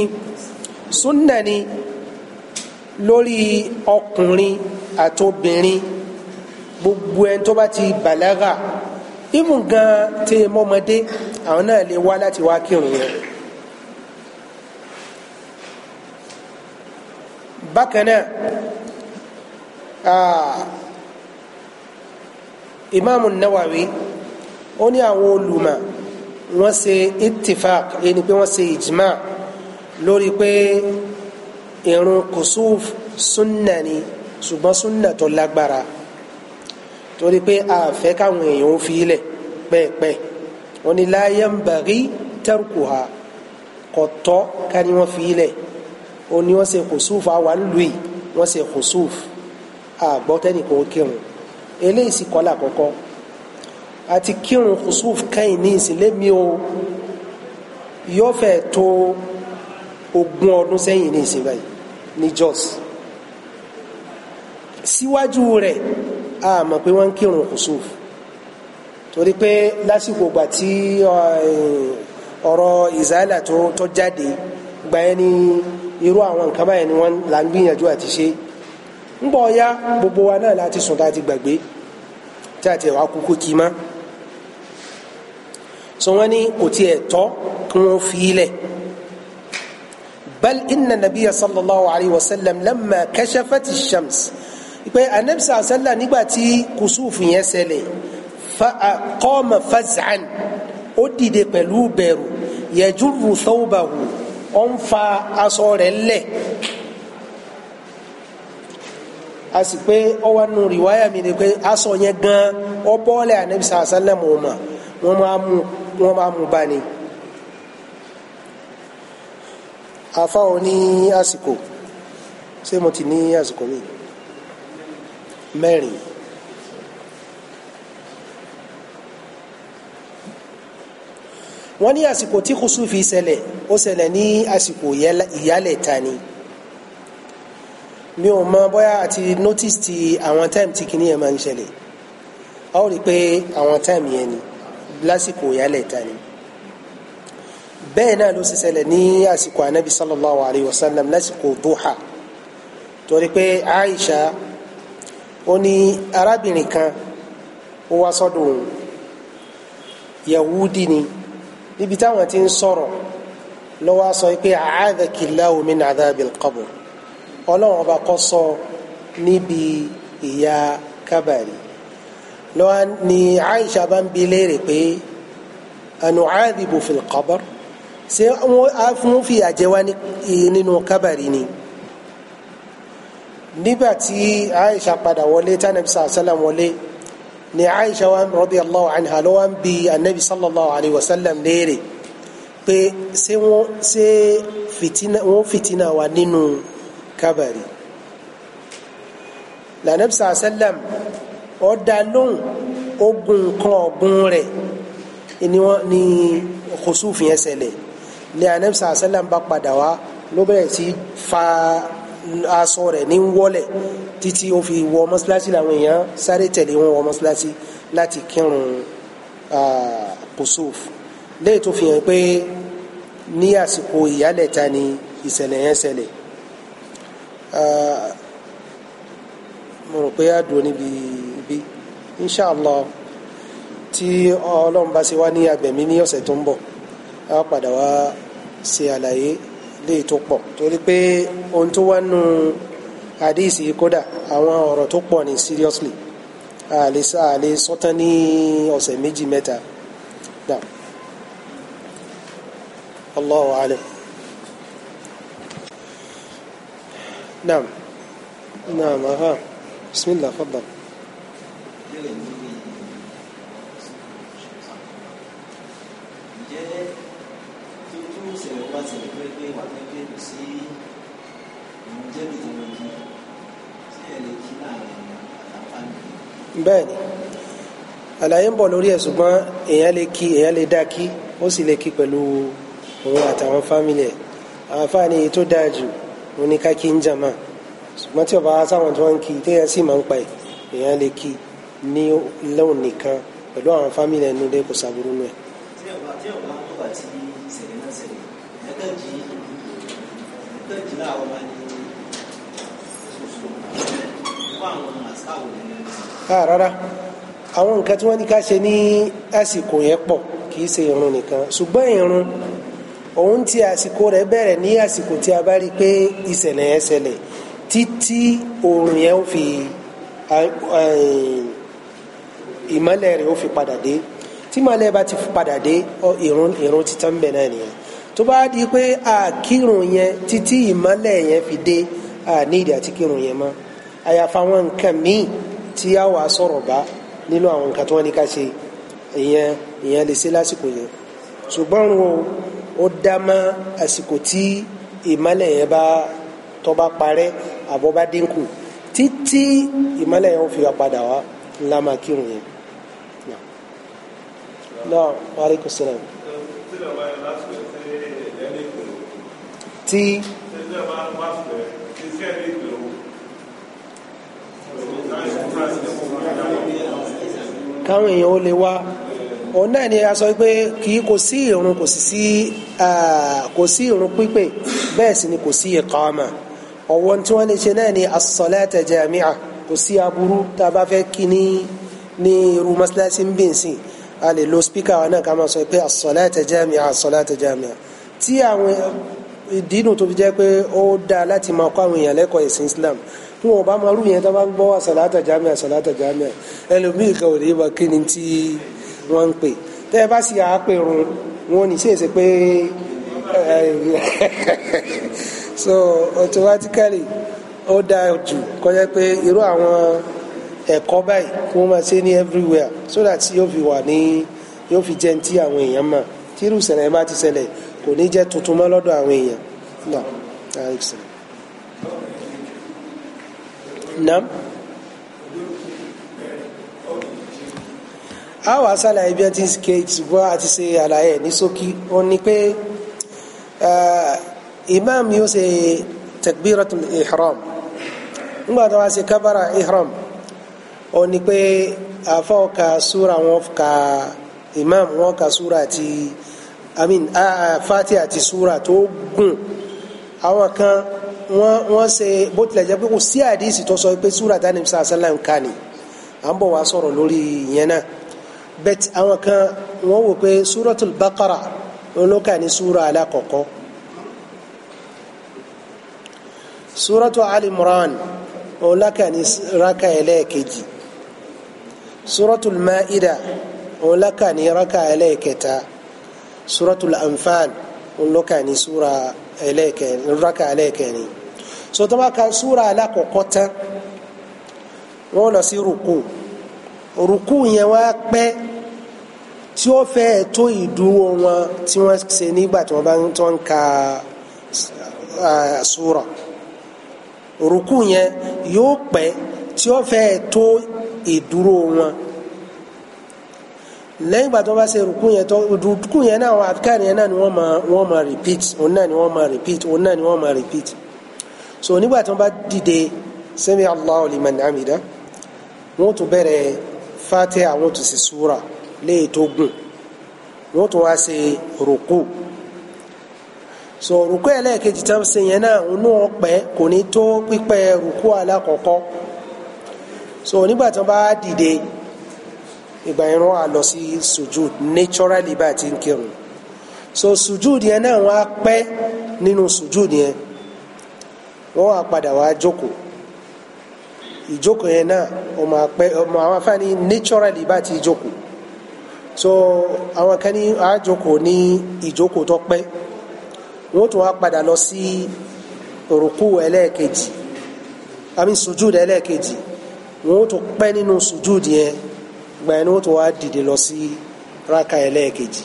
súnà ni lórí ọkùnrin àtobìnrin gbogbo ẹni tó bá ti bàlágà ìmú gan tí mọ́mọdé àwọn náà lè wá láti wá kírun yẹn. bákan náà imaamu nawawi ó ní àwọn olùmọ̀ wọ́n ṣe ittifaq ẹni pé wọ́n ṣe ijma lórí pé irun kusuf sunna ni ṣùgbọ́n sunna tó lágbára torí pé a fẹ́ káwọn èèyàn ó fi ilẹ̀ pẹ́ẹ́pẹ́ wọn ni la yanbaghi tarkuha kò tọ́ ká ní wọ́n fi ilẹ̀ ó ní wọ́n ṣe kusuf àwa ń lù yìí wọ́n ṣe kusuf àgbọ́ tẹ́nìkan ó kírun eléyìí sì kọ́ làkọ́kọ́ àti kírun kusuf kẹ́yìn ní ìsìnlẹ̀ mi o yóò fẹ́ tó ogún ọdún sẹ́yìn ní ìsìn báyìí ní Jos síwájú rẹ̀ a mọ̀ pé wọ́n ń kírun kùsùf torí pé lásìkò gbà tí eh, ọ̀rọ̀ ìzáàlà tó jáde gbà yẹn ni irú àwọn nǹkan báyẹn ni wọ́n là ń gbìyànjú àti ṣe ń bọ̀ ya gbogbo wa náà láti sùn tá a ti gbàgbé tí a ti wá kúkú kì í mọ́ so wọ́n ní kò tiẹ̀ tọ́ kí wọ́n fi í lẹ̀ bal inna nabiya sallallahu alayhi wa sallam lamma kashafat shams pé anabisa asala nígbà tí kùsùfù yẹn ṣẹlẹ̀ qama faz'an ó dìde pẹ̀lú bẹ̀rù yajurru thawbahu ó ń fa aṣọ rẹ̀ lẹ̀ a sì pé ọ wá nu rìwáyà mi ni pé aṣọ yẹn gan ọ bọ́ọ̀lẹ̀ anabisa asala mọ̀ ọ́ ma wọ́n máa mú bá ni. afá o ní àsìkò ṣé mo ti ní àsìkò mi mẹ́rin. wọ́n ní àsìkò tí kùsùfì ṣẹlẹ̀ ó ṣẹlẹ̀ ní àsìkò ìyálẹ̀ta ni mi ò mọ bóyá àti notice ti àwọn time tí kìíní máa ń ṣẹlẹ̀ a ó rí i pé àwọn time yẹn ni lásìkò ìyálẹ̀ta ni bẹ́ẹ̀ náà ló sì ṣẹlẹ̀ ní àsìkò anabi sallallahu alayhi wa sallam lásìkò duha torí pé aisha ó ní arábìnrin kan ó wá sọ́dọ̀ òun yahudi ni níbi táwọn ti ń sọ̀rọ̀ lọ́wọ́ sọ pé àádàkìláwò min àdábìl qabr ọlọ́run ọba kọ́ sọ níbi ìyà kábàrí lọ́wọ́ ni aisha bá ń bi léèrè pé anu'adhibu fil qabr ṣé wọn á fún fìyà jẹ wá nínú kábàrí ni nígbà tí Aisha padà wọlé tánàbí sàlám wọlé ni Aisha wa radiyallahu anha ló wá ń bi anabi sallallahu alayhi wa sallam léèrè pé ṣé wọn ṣé fitina wọn fitina wà nínú kábàrí lànàbí sàlám ọ̀dà lóhùn ogun kan ọ̀gbun rẹ̀ ni wọ́n ní kòsúfin ẹsẹ̀ lẹ̀ Ni anabi sàlám bá padà wá ló bẹ̀rẹ̀ fa aṣọ rẹ̀ ní wọ́lẹ̀ títí ó fi wọ mọ́ṣáláṣí làwọn èèyàn sáré tẹ̀lé wọn wọ mọ́ṣáláṣí láti kírun kùsùf lẹ́yìn fi hàn pé ní àsìkò ìyálẹ̀ta ni ìṣẹ̀lẹ̀ yẹn ṣẹlẹ̀ mo rò pé a dùn níbi ibi inshàlá tí ọlọ́run bá ṣe wá ní agbẹ̀mí ní ọ̀sẹ̀ tó ń bọ̀ a padà wá ṣe àlàyé léyìí tó pọ̀ torí pé ohun tó wá nù àdéhìsì kódà àwọn ọ̀rọ̀ tó pọ̀ ní seriously àlè àlè sọ́tán ní ọ̀sẹ̀ méjì mẹ́ta dà Allahu alam naam naam aha bismillah fadal. bẹ́ẹ̀ ni àlàyé ń bọ̀ lórí ẹ̀ ṣùgbọ́n èèyàn lè kí èèyàn lè dá kí ó sì lè kí pẹ̀lú òun àtàwọn fámìlì ẹ̀ àwọn fáàní tó dáa jù òun ní ká kí ń jàmá ṣùgbọ́n tí ọba sáwọn tí wọ́n ń kí téèyàn sì máa ń pa ẹ̀ èèyàn lè kí ní lóun nìkan pẹ̀lú àwọn fámìlì ẹ̀ nílé kò sàbúrú nù ẹ̀. Thank you. Ah, rárá àwọn nǹkan tí wọ́n ní ká ṣe ní àsìkò yẹn pọ̀ kì í ṣe irun nìkan ṣùgbọ́n irun òun ti àsìkò rẹ̀ bẹ̀rẹ̀ ní àsìkò tí a bá rí i pé ìṣẹ̀lẹ̀ yẹn ṣẹlẹ̀ títí oòrùn yẹn ó fi eh, ìmọ́lẹ̀ rẹ̀ ó fi padà dé tí ìmọ́lẹ̀ bá ti padà dé irun irun ti tán bẹ̀ náà nìyẹn tó bá di pé àkírun yẹn títí ìmọ́lẹ̀ yẹn fi dé àníìdí àti kírun yẹn mọ́ àyàfà àwọn nǹkan míì tí a wà sọ̀rọ̀ bá nínú àwọn nǹkan tí wọ́n ní ká ṣe ìyẹn ìyẹn lè ṣe lásìkò yẹn ṣùgbọ́n o ó dá mọ́ àsìkò tí ìmọ́lẹ̀ yẹn bá tó bá parẹ́ àbọ̀ bá dínkù títí ìmọ́lẹ̀ yẹn ó fi padà wá ńlá máa kírun yẹn. náà wa alaikum salaam. tí. tí káwọn èèyàn ó lè wá òun náà ni a sọ pé kì í kò sí ìrun kò sí sí kò sí ìrun pípè bẹ́ẹ̀ sì ni kò sí ìkámà ọ̀wọ́n tí wọ́n lè ṣe náà ni as-salata jami'a kò sí aburú tá a bá fẹ́ kí ní ní irú mọ́sálásí ń bì ń sìn a lè lo spíkà wa náà ká máa sọ pé as-salata jami'a as-salata jami'a tí àwọn ìdínú tó fi jẹ́ pé ó dáa láti máa kọ́ àwọn èèyàn lẹ́kọ̀ọ́ ẹ̀sìn tí wọn bá máa rú yẹn tó bá ń gbọ́ àsàlátà jámíà àsàlátà jámíà ẹlòmíì kan ò ní mọ kí ni tí wọ́n ń pè tẹ́ ẹ bá sì á pè run wọn ní sèse pé so automatically ó dáa jù kọjá pé irú àwọn ẹ̀kọ́ báyìí kí wọ́n máa ṣe ní everywhere so that yóò fi wà ní yóò fi jẹ́ ti àwọn èèyàn mọ̀ tí irú ìṣẹ̀lẹ̀ bá ti ṣẹlẹ̀ kò ní jẹ́ tuntun mọ́ lọ́dọ̀ àwọn èèyàn náà nam a wà sàlàyé bí ẹ ti ń ké ṣùgbọ́n a ti ṣe àlàyé ní ṣókí ó ní pé imam yóò ṣe takbiratul ihram nígbà tó wá ṣe kábàrà ihram ó ní pé àfọ ka súra wọn ka imam wọn ka súra àti amin fati àti súra tó gùn àwọn kan wọ́n wọ́n ṣe bó tilẹ̀ jẹ́ pé kò sí àdìsí tó sọ pé súrà tá nàbí sàlá sàlá ń kà ní à ń bọ̀ wá sọ̀rọ̀ lórí ìyẹn náà bẹ́ẹ̀ àwọn kan wọ́n wò pé súratul baqara olóka ní súrà alákọ̀ọ́kọ́ súratu alimran olóka ní raka ẹlẹ́ẹ̀kejì súratul maida olóka ní raka ẹlẹ́ẹ̀kẹta súratul anfal olóka ní súrà ẹlẹ́ẹ̀kẹrin raka ẹlẹ́ẹ̀kẹrin so tó bá ka súra alákọ̀ọ́kọ́ tán wọ́n lọ sí rúkú rúkú yẹn wá pẹ́ tí ó fẹ́ tó ìdúró wọn tí wọ́n ṣe nígbà tí wọ́n bá ń ka súra rúkú yẹn yóò pẹ́ tí ó fẹ́ tó ìdúró wọn lẹ́yìn ìgbà bá ṣe rúkú yẹn tó rúkú yẹn náà àfikà yẹn náà ni wọ́n máa repeat òun náà ni wọ́n máa repeat òun náà ni wọ́n máa repeat so nígbà tí wọ́n bá dìde sami Allahu liman hamida wọ́n tún bẹ̀rẹ̀ Fatiha àwọn tún ṣe súra léè tó gùn wọ́n tún wá ṣe rúkú so rúkú ẹlẹ́ẹ̀kejì tán ṣe yẹn náà inú ọpẹ́ kò ní tó pípẹ́ rúkú alákọ̀ọ́kọ́ so nígbà tí wọ́n bá dìde ìgbà yẹn wọ́n á lọ sí sujud naturally bá a ti ń kírun so sujud yẹn náà wọ́n á pẹ́ nínú sujud yẹn wọ́n wá padà wá jókòó ìjókòó yẹn náà ọmọ àpẹ ọmọ àwọn afáàní naturally bá ti jókòó so àwọn kan ní àjókòó ní ìjókòó tó pẹ́ wọ́n tún wá padà lọ sí òrùkú ẹlẹ́ẹ̀kejì àmì sùjúdù ẹlẹ́ẹ̀kejì wọ́n tún pẹ́ nínú sùjúdù yẹn gbà yẹn wọ́n tún wá dìde lọ sí rákà ẹlẹ́ẹ̀kejì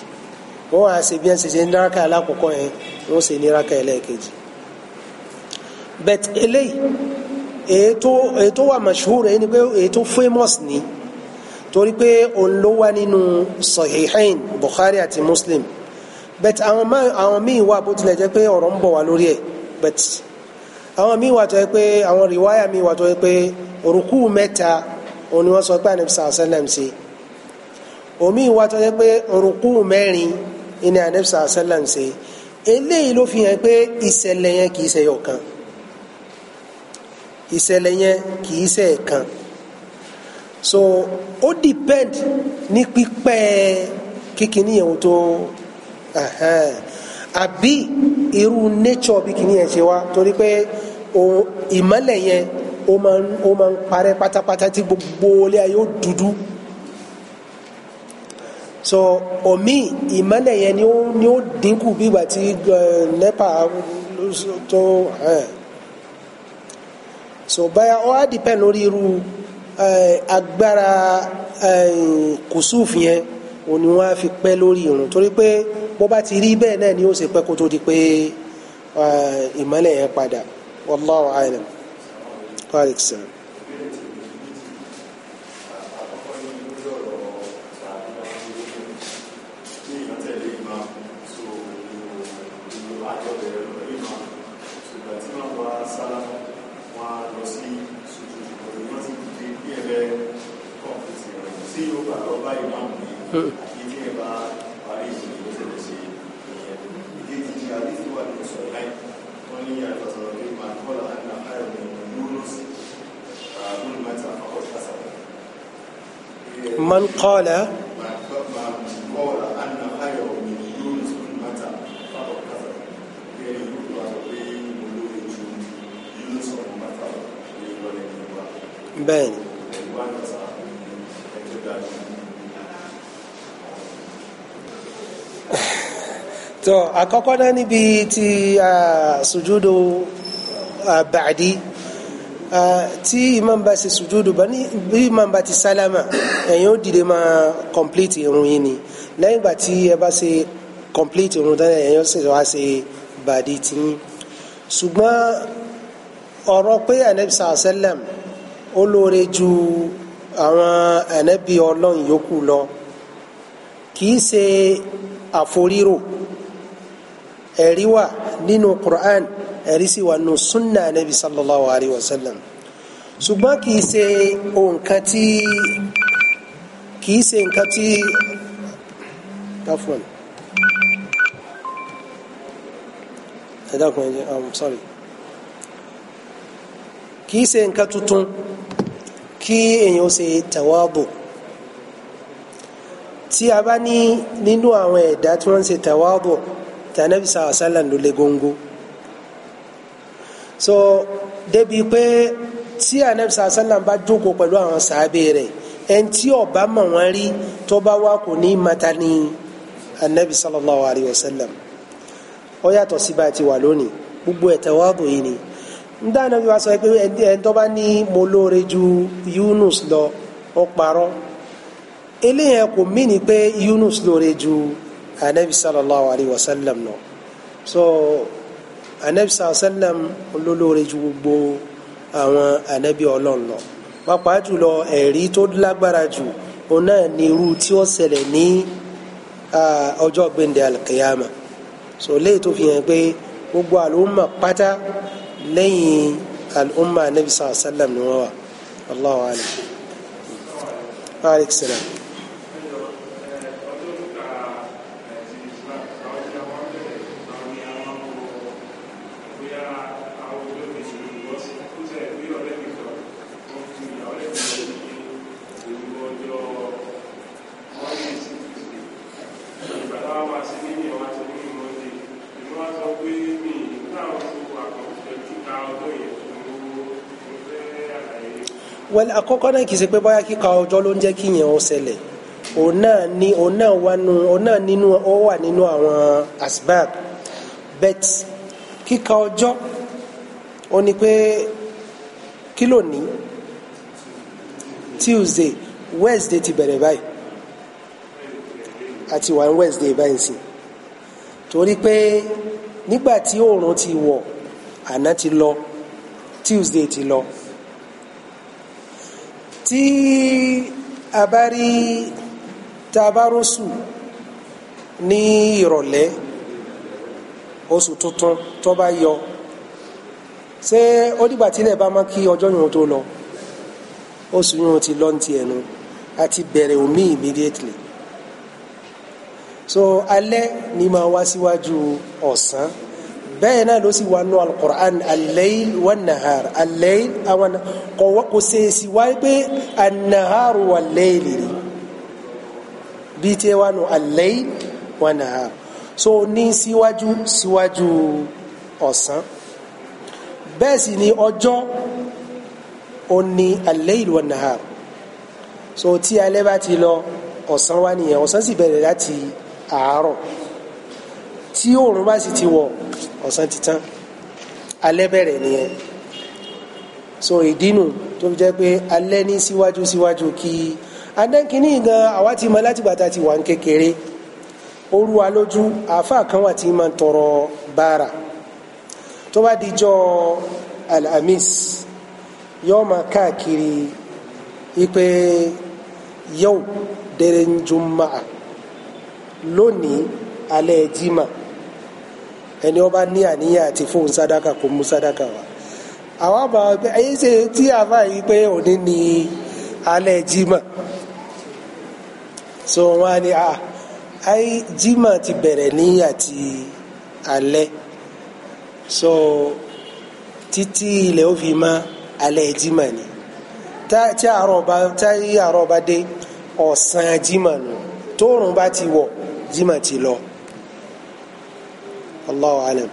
wọ́n wá ṣe bí ẹ ṣe ṣe ní rákà alákọ̀ọ́kọ́ yẹn wọ́n ṣe ní rákà ẹlẹ́ẹ̀kejì. but eléyìí ètò ètò wà mashhur ẹni pé ètò famous ni torí pé òun ló wà nínú sahihain Bukhari àti Muslim but àwọn àwọn míì wà bó tilẹ̀ jẹ́ pé ọ̀rọ̀ ń bọ̀ wá lórí ẹ̀ but àwọn míì wà tó yẹ pé àwọn rìwáyà míì wà tó yẹ pé òrùkú mẹ́ta òun ni wọ́n sọ pé ànàbìsà sẹ́lẹ̀m sí omi ìwà tó yẹ pé òrùkú mẹ́rin ni ànàbìsà sẹ́lẹ̀m sí eléyìí ló fi hàn pé ìṣẹ̀lẹ̀ yẹn kì í ṣe yọ̀kan ìṣẹ̀lẹ̀ yẹn kì í ṣe ẹ̀kan so ó depend ní pípẹ́ kíkiní yẹn tó àbí irú nature bí kíní yẹn ṣe wá torí pé ìmọ́lẹ̀ yẹn ó máa ń ó máa ń parẹ́ pátápátá tí gbogbo ilé ayé dúdú so omi ìmọ́lẹ̀ yẹn ni ó ni ó dínkù bí ìgbà tí nepa tó. Uh, so báyà ọ á dìpẹ́ lórí irú eh, agbára eh, kùsùf yẹn òní wọn á fi pẹ́ lórí irun torí pé bó bá ti rí bẹ́ẹ̀ náà ni ó ṣe pẹ́ kó tó di pé eh, ìmọ́lẹ̀ yẹn padà wallahu a'lam. من قال بين tó àkọ́kọ́ náà níbi ti sùjúdù bàdí tí imam bá ṣe sùjúdù bá ní bí imam bá ti sálámà ẹ̀yin ó dìde máa complete irun yìí ni lẹ́yìn ìgbà tí ẹ bá ṣe complete irun tán ẹ̀yin ó sì wá ṣe bàdí tiyín ṣùgbọ́n ọ̀rọ̀ pé anabi sàlẹ́m ó lóore ju àwọn anabi ọlọ́run yòókù lọ kì í ṣe àforírò ẹ̀rí wà nínú Qur'an ẹ̀rí sì wà nínú sunna anabi sallallahu alayhi wa sallam ṣùgbọ́n kìí ṣe nǹkan tí kìí ṣe nǹkan tí afwan ẹ dákun ẹ jẹ i'm um, sorry kìí ṣe nǹkan tuntun kí èèyàn ṣe tàwáàbò tí a bá ní nínú àwọn ẹ̀dá tí wọ́n ń ṣe tàwáàbò tànàbí sàlá sàlá ló lé góńgó so débi pé tí anabi sàlá sàlá bá jókòó pẹ̀lú àwọn sàábé rẹ̀ ẹnití ọba mọ̀ wọ́n rí tó bá wà kò ní mata ní anabi sallallahu alayhi wa sallam ó yàtọ̀ sí bá ti wà lónìí gbogbo ẹ̀tẹ̀ wà bò yìí ni ndá anabi wa sọ pé ẹ̀ńtọ́ bá ní mo lóore ju Yunus lọ ó parọ́ eléyẹn kò mí ni pé Yunus lóore ju. anabi sallallahu alayhi wa sallam nọ so anabi sallallahu alayhi wa sallam olólóore ju gbogbo àwọn anabi ọlọ́run lọ pàápàá jùlọ ẹ̀rí tó lágbára jù òun náà ni irú tí ó ṣẹlẹ̀ ní ọjọ́ gbẹ̀ndẹ̀ alkiyama so léyìí tó fi hàn pé gbogbo àlùmọ̀ pátá lẹ́yìn àlùmọ̀ anabi sallallahu alayhi wa sallam ni wọ́n wà allahu alayhi wa alayhi wẹ́n àkọ́kọ́ náà kì í ṣe pé báyà kíka ọjọ́ ló ń jẹ́ kí yẹn ó ṣẹlẹ̀ òun náà ní òun nínú ó wà nínú àwọn asbab bet kíka ọjọ́ ó ní pé kí ló ní Tuesday Wednesday ti bẹ̀rẹ̀ báyìí àti wà ní Wednesday báyìí sí torí pé nígbà tí oòrùn ti wọ̀ àná ti lọ Tuesday ti lọ tí a bá rí tabarosu ní ìrọ̀lẹ́ oṣù tuntun tó bá yọ ṣé ó dìgbà tí ilẹ̀ bá má kí ọjọ́ yòó tó lọ oṣù yòó ti lọ ti ẹnu àti bẹ̀rẹ̀ omi immediately so alẹ́ ni máa wá síwájú ọ̀sán. Si bẹ́ẹ̀ náà ló sì wà nù alukur'an al-layl wan-nahar al-layl àwọn kọ̀wọ́ kò ṣèèṣì wáyé pé an-nahar wal-layl ni tẹ́ wà nù al-layl nahar so ní síwájú síwájú ọ̀sán bẹ́ẹ̀ sì ni ọjọ́ ó ní al-layl nahar so tí alẹ́ bá ti lọ ọ̀sán wá nìyẹn ọ̀sán sì bẹ̀rẹ̀ láti àárọ̀ tí oòrùn bá sì ti wọ̀ ọ̀sán ti alẹ́ bẹ̀rẹ̀ nìyẹn so ìdínú tó fi jẹ́ pé alẹ́ ní síwájú síwájú kí adánkíní gan àwa ti mọ láti gbàtà ti wà ń kékeré òru wa lójú àáfàá kan wà tí máa ń tọrọ báárà tó bá dijọ́ alhamis yóò máa káàkiri ipe yóò dẹrẹ ń jùmọ̀ lónìí alẹ́ jimá ẹni ó bá ní àníyàn àti fóun sádàkà kò mú sádàkà wá àwọn àbá ẹyẹ ṣe tí àbá yìí pé òní ni alẹ́ jimá so wọn á ní a ah, ayé jimá ti bẹ̀rẹ̀ ní àti alẹ́ so títí ilẹ̀ ó fi mọ́ alẹ́ jimá ni tí àárọ̀ bá tí àárọ̀ bá dé ọ̀sán jimá nù tóòrùn bá ti wọ̀ jimá ti lọ. الله أعلم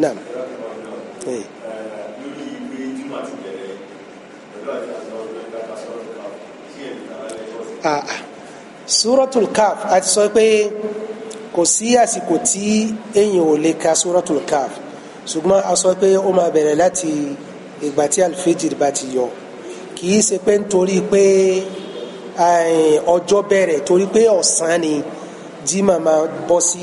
نعم إيه Ah, suratul kaf àti sọ pé kò sí àsìkò tí èyàn ò lè ka suratul kaf ṣùgbọ́n a sọ pé ó máa bẹ̀rẹ̀ láti ìgbà tí alfijir bá ti yọ kì í ṣe pé nítorí pé eh, ọjọ́ bẹ̀rẹ̀ torí pé ọ̀sán ni jimá máa bọ́ sí. Si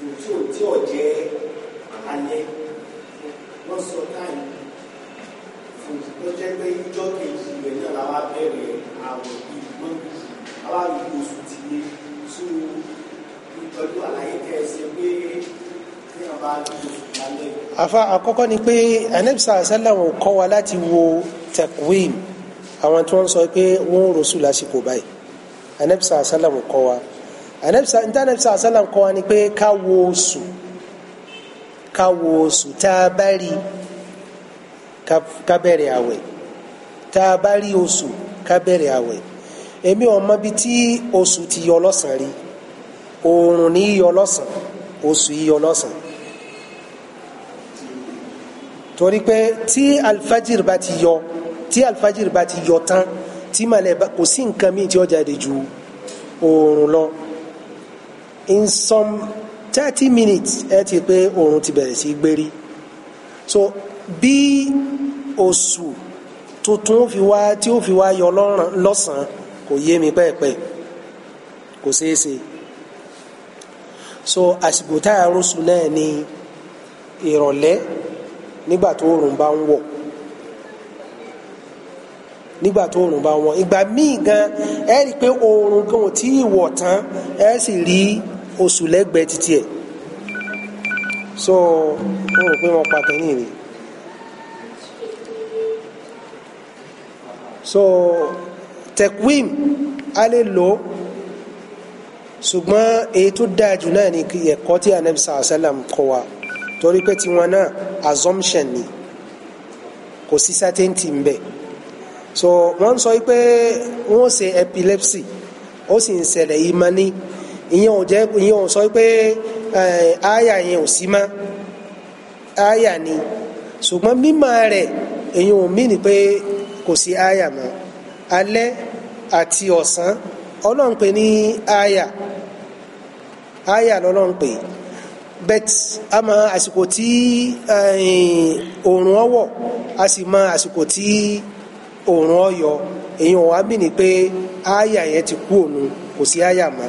tí ò tí ò jẹ́ alẹ́ wọ́n sọ táyì fún tó jẹ́ pé ijọ́ kejì rẹ̀ náà la wá bẹ̀rẹ̀ àwọ̀ ìgbọ́n àwa ìlú oṣù ti yé tú pẹ̀lú àlàyé tẹ̀ ṣe pé kí wọ́n bá lóṣù lálẹ́. àfa àkọ́kọ́ ni pé anabisa asálàmù kọ́ wa láti wo tekwim àwọn tí wọ́n sọ pé wọ́n ń rosù lásìkò báyìí anabisa asálàmù kọ́ wa anabisa ntanabisa asalam kọ́ wa ni pé ká wo oṣù ká wo oṣù tá a bá rí ká bẹ̀rẹ̀ àwẹ̀ tá a bá rí oṣù ká bẹ̀rẹ̀ àwẹ̀ èmi ò mọ tí oṣù ti yọ lọ́sàn rí oòrùn ní yọ lọ́sàn oṣù yíyọ lọ́sàn torí pé tí alfajir bá ti yọ tí alfajir bá ti yọ tán tí malẹ̀ bá kò sí nǹkan míì tí ó jáde ju oòrùn lọ in some thirty minutes ẹ ti pé oòrùn ti bẹ̀rẹ̀ sí gbérí so bí oṣù tuntun fi wá tí ó fi wá yọ lọ́sàn-án kò yé mi pẹ́ẹ́pẹ́ kò ṣeé ṣe so àsìkò tá a rọ́ṣù náà ni ìrọ̀lẹ́ nígbà tó oòrùn bá ń wọ̀ nígbà tó oòrùn bá ń wọ̀ ìgbà míì gan ẹ rí i pé oòrùn gan ò tí ì wọ̀ tán ẹ sì rí oṣù lẹ́gbẹ̀ẹ́ títí ẹ̀ so wọn rò pé wọn pa kẹ́ni ni so tekwim a lè lò ṣùgbọ́n èyí tó dáa jù náà ni ẹ̀kọ́ tí anabi sàlá sàlám kọ́ wa torí pé tiwọn náà assumption ni kò sí certainty ń bẹ so wọ́n sọ pé wọ́n ṣe epilepsy ó sì ń ṣẹlẹ̀ yìí máa ní ìyẹn ò jẹ́ ìyẹn ò sọ pé àyà yẹn ò sí mọ́ àyà ni ṣùgbọ́n mímọ̀ rẹ̀ ìyẹn ò mí ni pé kò sí àyà mọ́ alẹ́ àti ọ̀sán ọlọ́run pè ní àyà àyà lọ́lọ́run pè bet ama mọ àsìkò tí òòrùn ọwọ̀ a sì mọ àsìkò tí òòrùn ọyọ èyí ò wá mí ni pé àyà yẹn ti kú òun kò sí àyà mọ́.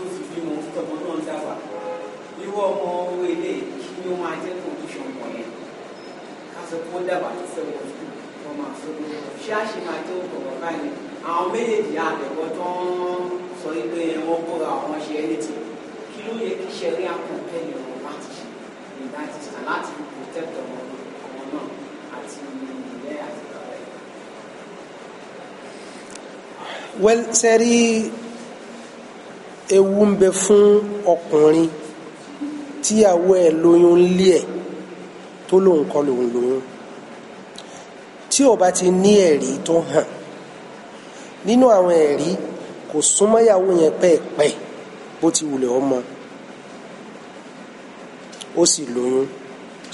tó fi bímọ tọmọ náà dàgbà irú ọmọ owó ilé kí ni ó máa jẹ́ condition wọ̀nyẹn ká sọ pé ó dàgbà tó fẹ́ wọ sùkúl wọ́n máa sọ pé ṣé a máa jẹ́ òkòrò báyìí àwọn méjèèjì àbẹ̀wọ̀ tó ń sọ pé wọ́n kóra àwọn ṣe é létí kí ló yẹ kí ṣẹ̀rí àkọ́kẹ́lẹ̀ wọn láti ṣe ní láti ṣe láti protect ọmọ ọmọ náà àti ilé àti bàbá ẹ̀ ewu ń bẹ fún ọkùnrin tíyàwó ẹ̀ lóyún lé ẹ̀ tó lóun kọ́ lòun lóyún tí ò bá ti ní ẹ̀rí tó hàn nínú àwọn ẹ̀rí kò súnmọ́yàwó yẹn pẹ́ẹ̀pẹ́ bó ti wulẹ̀ ọmọ ó sì lóyún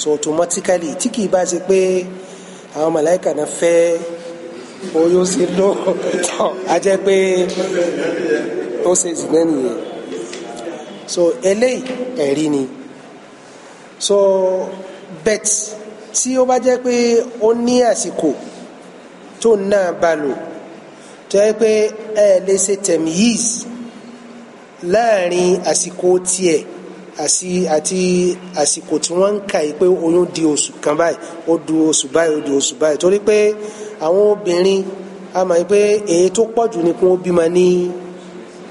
so automatically tí kìí bá ṣe pé àwọn màláìkà náà fẹ́ oyún sí lóòótọ́ a jẹ́ pé tó ṣe zìnà nìyẹn so eléyìí ẹ̀rí ni so bet tí ó bá jẹ́ pé ó ní àsìkò tó náà bá lò tó yẹ pé ẹ lè ṣe tẹ̀míyìz láàrin àsìkò tiẹ̀ àti àsìkò tí wọ́n ń kà yìí pé oyún di oṣù kan báyìí ó du oṣù báyìí ó di oṣù báyìí torí pé àwọn obìnrin a mọ̀ pé èyí tó pọ̀ jù ni kí wọ́n bímọ ní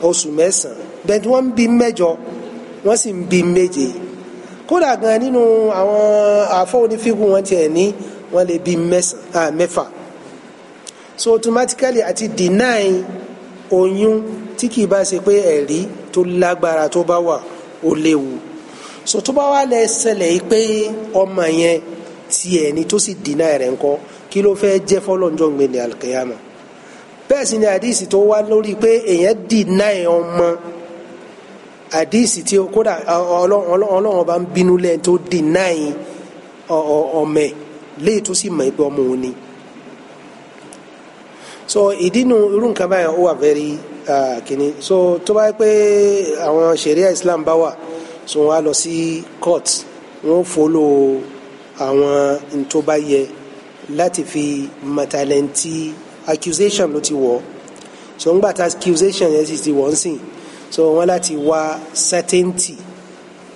oṣù mẹ́sàn-án bẹ́ẹ̀ wọ́n ń bí mẹ́jọ wọ́n sì ń bí méje kódà gan nínú àwọn àfọ onífíkún wọn tiẹ̀ ní wọ́n lè bí mẹ́fà so automatically àti deny oyún tí kì í bá ṣe pé ẹ̀rí tó lágbára tó bá wà ó léwu so tó bá wà lẹ ṣẹlẹ̀ yìí pé ọmọ yẹn tiẹ̀ ni tó sì deny rẹ̀ ńkọ́ kí ló fẹ́ jẹ́ fọlọ́njọ́ gbẹ̀ndẹ̀ alkiyama bẹ́ẹ̀ sì ni àdìsí tó wá lórí pé èèyàn dìnnà ẹ̀ ọmọ àdìsí tí kódà ọlọ́run bá ń bínú lẹ́yìn tó dìnnà ẹ̀ ọmọ ẹ̀ léyìí tó sì mọ̀ ẹ́ pé ọmọ òun ni so ìdínú irú nǹkan báyìí ó wà very uh, kìíní so tó bá yẹ pé àwọn ṣẹ̀ríà Islam bá wà so wọ́n á lọ sí court wọ́n fọlọ àwọn ntó láti fi mọ̀tàlẹ́ntì accusation ló ti wọ̀ so ń gbà tá accusation yẹn sì ti wọ̀ ń so wọ́n láti wá certainty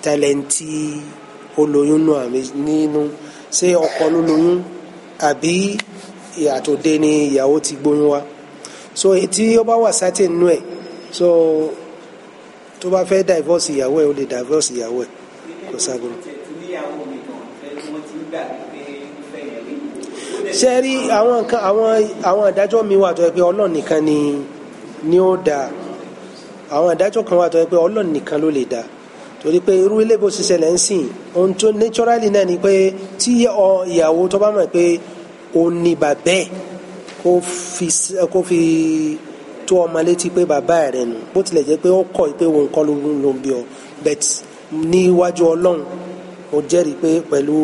talenti olóyún nù àmì nínú ṣé ọkọ ló lóyún àbí àtòdé ni ìyàwó ti gbóyún wa so tí ó bá wà certain nù ẹ̀ so tó bá fẹ́ divorce ìyàwó ẹ̀ ó lè divorce ìyàwó ẹ̀ kò sábà ṣe rí àwọn nǹkan àwọn àwọn ìdájọ́ mi wà tó yẹ pé ọlọ́run nìkan ni ni ó dáa àwọn ìdájọ́ kan wà tó yẹ pé ọlọ́run nìkan ló lè dáa torí pé irú ilé bó ṣiṣẹ́ lẹ́ ń sìn ohun tó naturally náà ni pé tí ìyàwó tó bá mọ̀ pé òun ni bàbá ẹ̀ kó fi kó fi tó ọmọ létí pé bàbá rẹ̀ nù bó tilẹ̀ jẹ́ pé ó kọ̀ pé òun kọ́ ló ń lo bí ọ bẹ́ẹ̀ níwájú ọlọ́run ó jẹ́rìí pé pẹ̀lú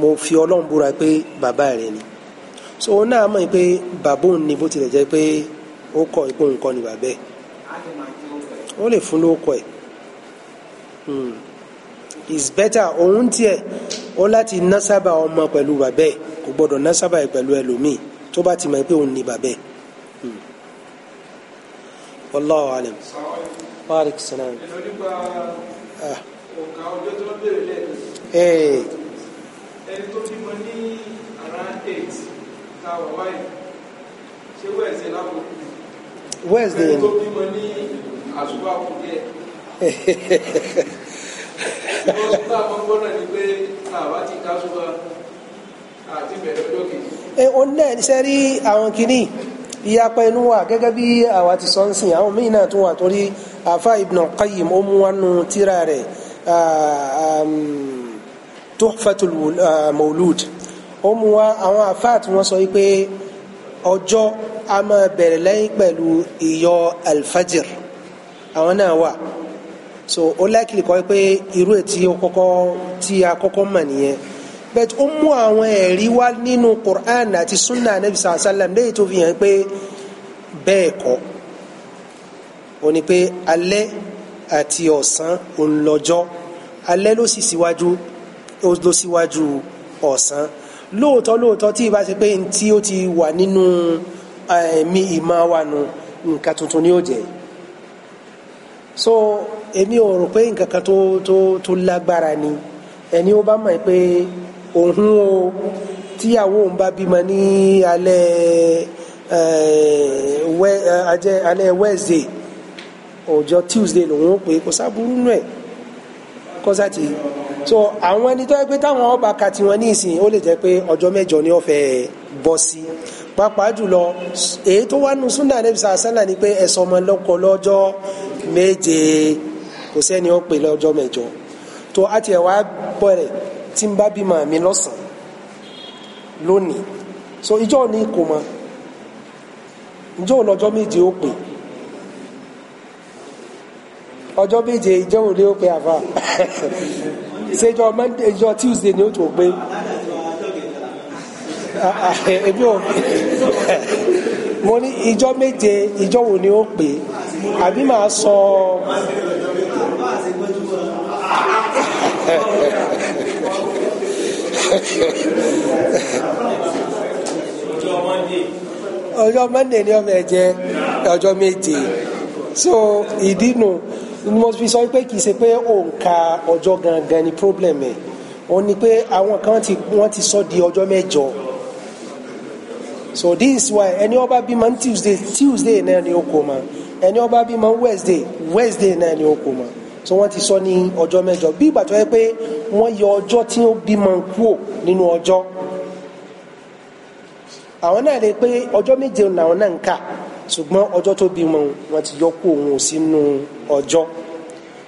mo fi ọlọ́run búra pé bàbá rẹ ni so òun náà mọ̀ pé bàbá òun ni bó tilẹ̀ jẹ́ pé ó kọ̀ ipò nǹkan ni bàbá ẹ̀ ó lè fún lóko ẹ̀ hmm. is better òun tiẹ̀ ó láti násábà ọmọ pẹ̀lú bàbá ẹ̀ kò gbọ́dọ̀ násábà ẹ̀ pẹ̀lú ẹlòmíì tó bá ti mọ̀ pé òun ni bàbá ẹ̀ hmm. wallahu alam. wa alaikum salaam. ẹ̀ẹ́dẹ́gbà ẹni tó bímọ ní around eight ta wà wáyé ṣé wẹ́ẹ̀sì lákòókù wẹ́ẹ̀sì ẹni tó bímọ ní àṣùgbọ́ àkùnjẹ́ ìwọ́n tó àwọn gbọ́dọ̀ ni pé àwa ti ká ṣùgbọ́n àti bẹ̀rẹ̀ ọjọ́ kejì. ẹ ó náà ṣe rí àwọn kìíní ìyapa inú wa gẹ́gẹ́ bí àwa ti sọ ń sìn àwọn míì náà tún wà torí àfa Ibn Qayyim ó mú wánú tírà rẹ̀ tuhfatul ah, mawlud ó mú wa àwọn àfáà tí wọ́n sọ wípé ọjọ́ a máa bẹ̀rẹ̀ lẹ́yìn pẹ̀lú ìyọ alfajir àwọn náà wà so ó láìkìlì kọ́ pé irú ètí kọ́kọ́ tí a kọ́kọ́ mọ̀ nìyẹn but ó mú àwọn ẹ̀rí wá nínú Qur'an àti sunnah anabi sàlám léyìí tó fi hàn pé bẹ́ẹ̀ kọ́ ó ní pé alẹ́ àti ọ̀sán òun lọ́jọ́ alẹ́ ló sì síwájú lọ síwájú ọ̀sán lóòótọ́ lóòótọ́ tí ìbá ṣe pé tí ó ti wà nínú ẹ̀mí ìmọ̀ wa nu nǹkan tuntun ni ó so èmi ò rò pé nǹkan kan tó tó tó lágbára ni ẹni ó bá mọ̀ pé òun o tíyàwó òun bá bímọ ní alẹ́ ẹ̀ alẹ́ Tuesday lòun ó pè kò sábúrú nù ẹ̀ kọ́sàtì. so àwọn ẹni tó yẹ pé táwọn ọba ka tiwọn ní ìsìn ó lè jẹ́ pé ọjọ́ mẹ́jọ ni ó fẹ́ bọ́ sí pàápàá jùlọ èyí tó wà nù súnà níbi sàásánà ni pé ẹsọ ọmọ lọ́kọ lọ́jọ́ méje kò sẹ́ni ó pè lọ́jọ́ mẹ́jọ tó a tiẹ̀ wá bẹ̀rẹ̀ tí n bá bímọ mi lọ́sàn lónìí so ìjọ ni kò mọ ìjọ lọjọ méje ó pè ọjọ́ méje ìjọ òde ó pè àbá. ṣèjọ monday ìjọ tuesday ni ó tó gbé ah, ah, ebi o mo ní ìjọ méje ìjọ wo ni ó pè àbí màá sọ ọjọ́ monday ni ọmọ ẹ jẹ méje so ìdí nu. No ni mo fi sọ pé kì í ṣe pé òǹkà ọjọ́ gangan ni problem ẹ̀ ó ní pé àwọn kan ti wọ́n ti sọ di ọjọ́ mẹ́jọ so this is why ẹni ó bá bímọ ní Tuesday Tuesday náà ni ó kò mọ ẹni ó bímọ Wednesday Wednesday náà ni ó kò mọ so wọ́n ti sọ ní ọjọ́ mẹ́jọ bí ìgbà tó yẹ pé wọ́n yọ ọjọ́ tí ó bímọ kúò nínú ọjọ́ àwọn náà lè pé ọjọ́ méje làwọn náà ń kà ṣùgbọ́n ọjọ́ tó bímọ wọ́n ti yọ kúò wọn ò sí nù. No ọjọ́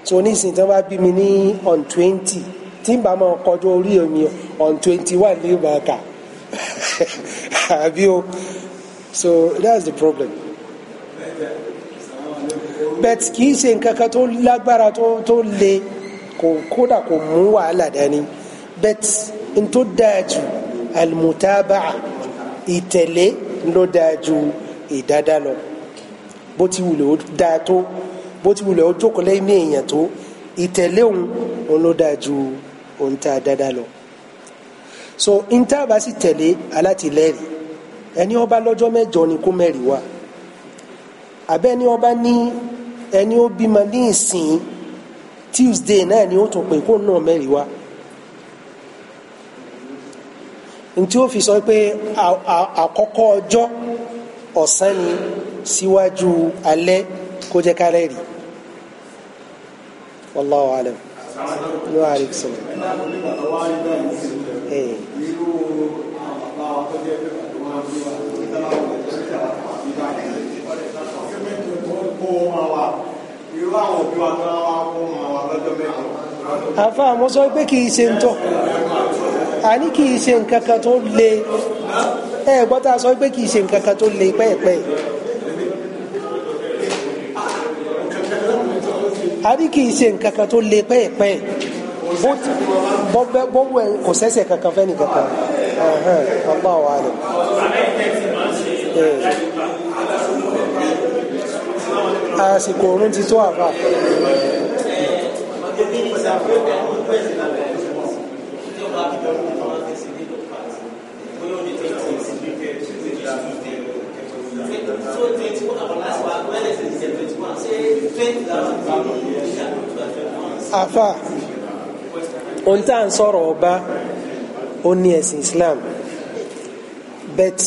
so nísìn tí bá bí mi ní on twenty tí n bá máa kọjọ orí mi on twenty one ní ìbáka àbí o so that's the problem bet kì í ṣe nǹkan kan tó lágbára tó tó le kò kódà kò mú wàhálà dání bet n tó dáa jù almutaba'a ìtẹ̀lé ló dáa jù ìdádá lọ bó ti wù ló dáa tó bó ti wulẹ̀ ó jókòó lẹ́yìn ní èèyàn tó ìtẹ̀lé òun òun ló dáa ju ohun tá a dáadáa lọ so níta bá sì tẹ̀lé alátìlẹ́rìí ẹni ó bá lọ́jọ́ mẹ́jọ ni kó mẹ́rìí wá àbẹ́ ẹni ó ní ẹni ó bímọ ní ìsìn Tuesday náà ni ó tún pè kó náà mẹ́rìí wá ntí ó fi sọ pé àkọ́kọ́ ọjọ́ ọ̀sán ni síwájú alẹ́ kó jẹ́ ká rẹ́rìí. والله alam ló wà rí sọ. àfa àmọ́ sọ pé kì í ṣe ń tọ́ àní kì í ṣe nǹkan kan tó le ẹ̀ gbọ́dọ̀ sọ pé kì í ṣe nǹkan kan tó le pẹ́ẹ́pẹ́ẹ́. a ní kì í ṣe nǹkan kan tó le pẹ́ẹ̀pẹ́ẹ̀ bọ́wọ́ ẹ̀ kò sẹ́sẹ̀ kankan fẹ́ ní kankan Allah wa alẹ́ àsìkò oorun ti tó àbá Thank you. tí ó twenty one àwọn láti wá wẹ́rẹ̀ sí ìṣẹ̀ twenty one ṣé twenty thousand bá wọn ní ìyá ohun tá à ń sọ̀rọ̀ ọba ó ní ẹ̀sìn Islam but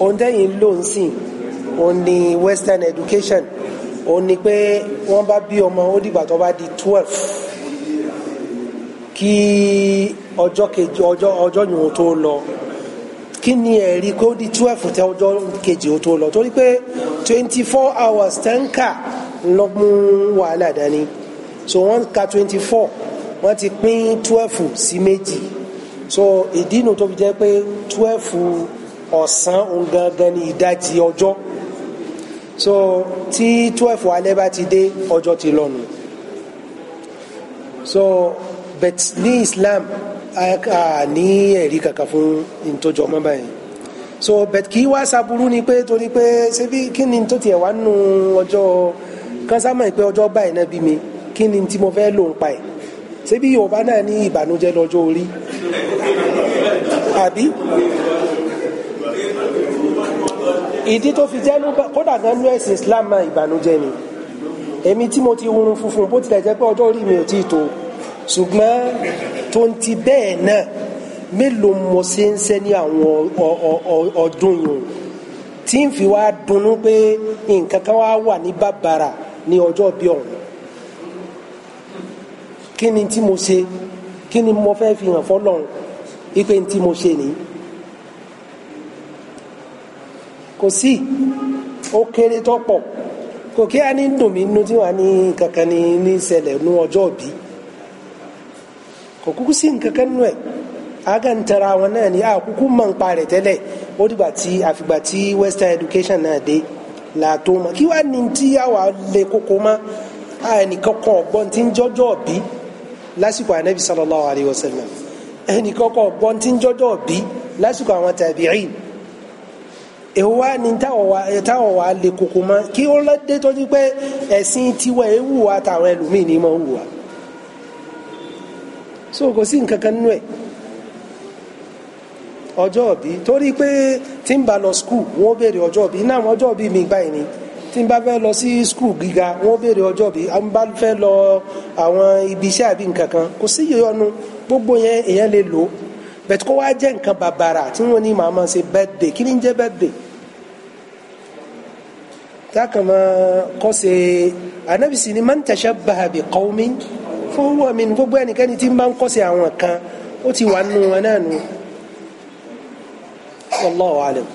ohun tẹ́yìn ló ń sìn ó ní Western education ó ní pé wọ́n bá bí ọmọ ó dìgbà tó bá di twelve kí ọjọ́ kejì ọjọ́ ọjọ́ yòó tó lọ kí ni ẹ̀rí kó di twelve tẹ ọjọ́ kejì ó tó lọ torí pé twenty four hours tẹ́ ń kà lọ mú wàhálà dání so wọ́n ka twenty four wọ́n ti pín twelve sí méjì so ìdínú tó fi jẹ́ pé twelve ọ̀sán òun gangan ni ìdajì ọjọ́ so tí twelve alẹ́ bá ti dé ọjọ́ ti lọ nù so bet ní Islam a ní ẹ̀rí kankan fún ìtọ́jú ọmọ báyìí so bẹ̀t kì í wá saburú ni pé torí pé ṣé bí kí ni tó tiẹ̀ wá nù ọjọ́ kásámọ̀ pé ọjọ́ báyìí náà bí mi kí ni tí mo fẹ́ lò ń pa ẹ̀ ṣé bí Yorùbá náà ní ìbànújẹ́ lọ́jọ́ orí àbí ìdí tó fi jẹ́ kódà gan ní ẹ̀sìn Islam ìbànújẹ́ ni èmi tí mo ti hurun funfun bó tilẹ̀ jẹ́ pé ọjọ́ orí mi ò tí ì tó ṣùgbọ́n tó ń ti bẹ́ẹ̀ náà mélòó mo ṣe ń ṣe ní àwọn ọdún yìí tí n fi wá dunnú pé nǹkan kan wá wà ní bàbàrà ní ọjọ́ bí ọ̀hún kí ni tí mo ṣe kí ni mo fẹ́ fi hàn fọlọ́run ipe tí mo ṣe nìyí kò sí ó kéré tó pọ̀ kò kí á ní dùn mí nínú tí wàá ní kankan ní ní ṣẹlẹ̀ ní ọjọ́ bíi. kò si sí nǹkan kan nù ẹ̀ agantara wọn náà ni a ah, kuku nípa rẹ̀ tẹ́lẹ̀ ó dìgbà tí àfìgbà western education náà dé làtó mọ̀ kí nin ti tí àwa lè kókó mọ́ ẹnìkan kan ọ̀gbọ́n tí ń jọ́jọ́ bí anabi sallallahu alayhi wasallam sallam ẹnìkan kan tí ń jọ́jọ́ bí wa lè kókó kí ó tó ti pé ewu so kò sí nǹkan kan nínú ẹ̀ ọjọ́ òbí torí pé tí n bá lọ skul wọ́n béèrè ọjọ́ òbí náà ọjọ́ òbí mi báyìí ni tí n bá fẹ́ lọ sí skul gíga wọ́n béèrè ọjọ́ òbí n bá fẹ́ lọ àwọn ibi iṣẹ́ àbí nǹkan kan kò sí ìyọnu gbogbo yẹn èèyàn lè lò bẹ̀t kó wá jẹ́ nǹkan bàbàrà tí wọ́n ní màá máa ṣe birthday kí ni ń jẹ́ birthday tákàmọ́ kọ́ ṣe ànábìsí ni man tashabbaha bi qawmin fọwọ́ mi ní gbogbo ẹnikẹ́ni tí ń bá ń kọ́sẹ̀ àwọn kan ó ti wà nínú wọn náà nù wallahu alam.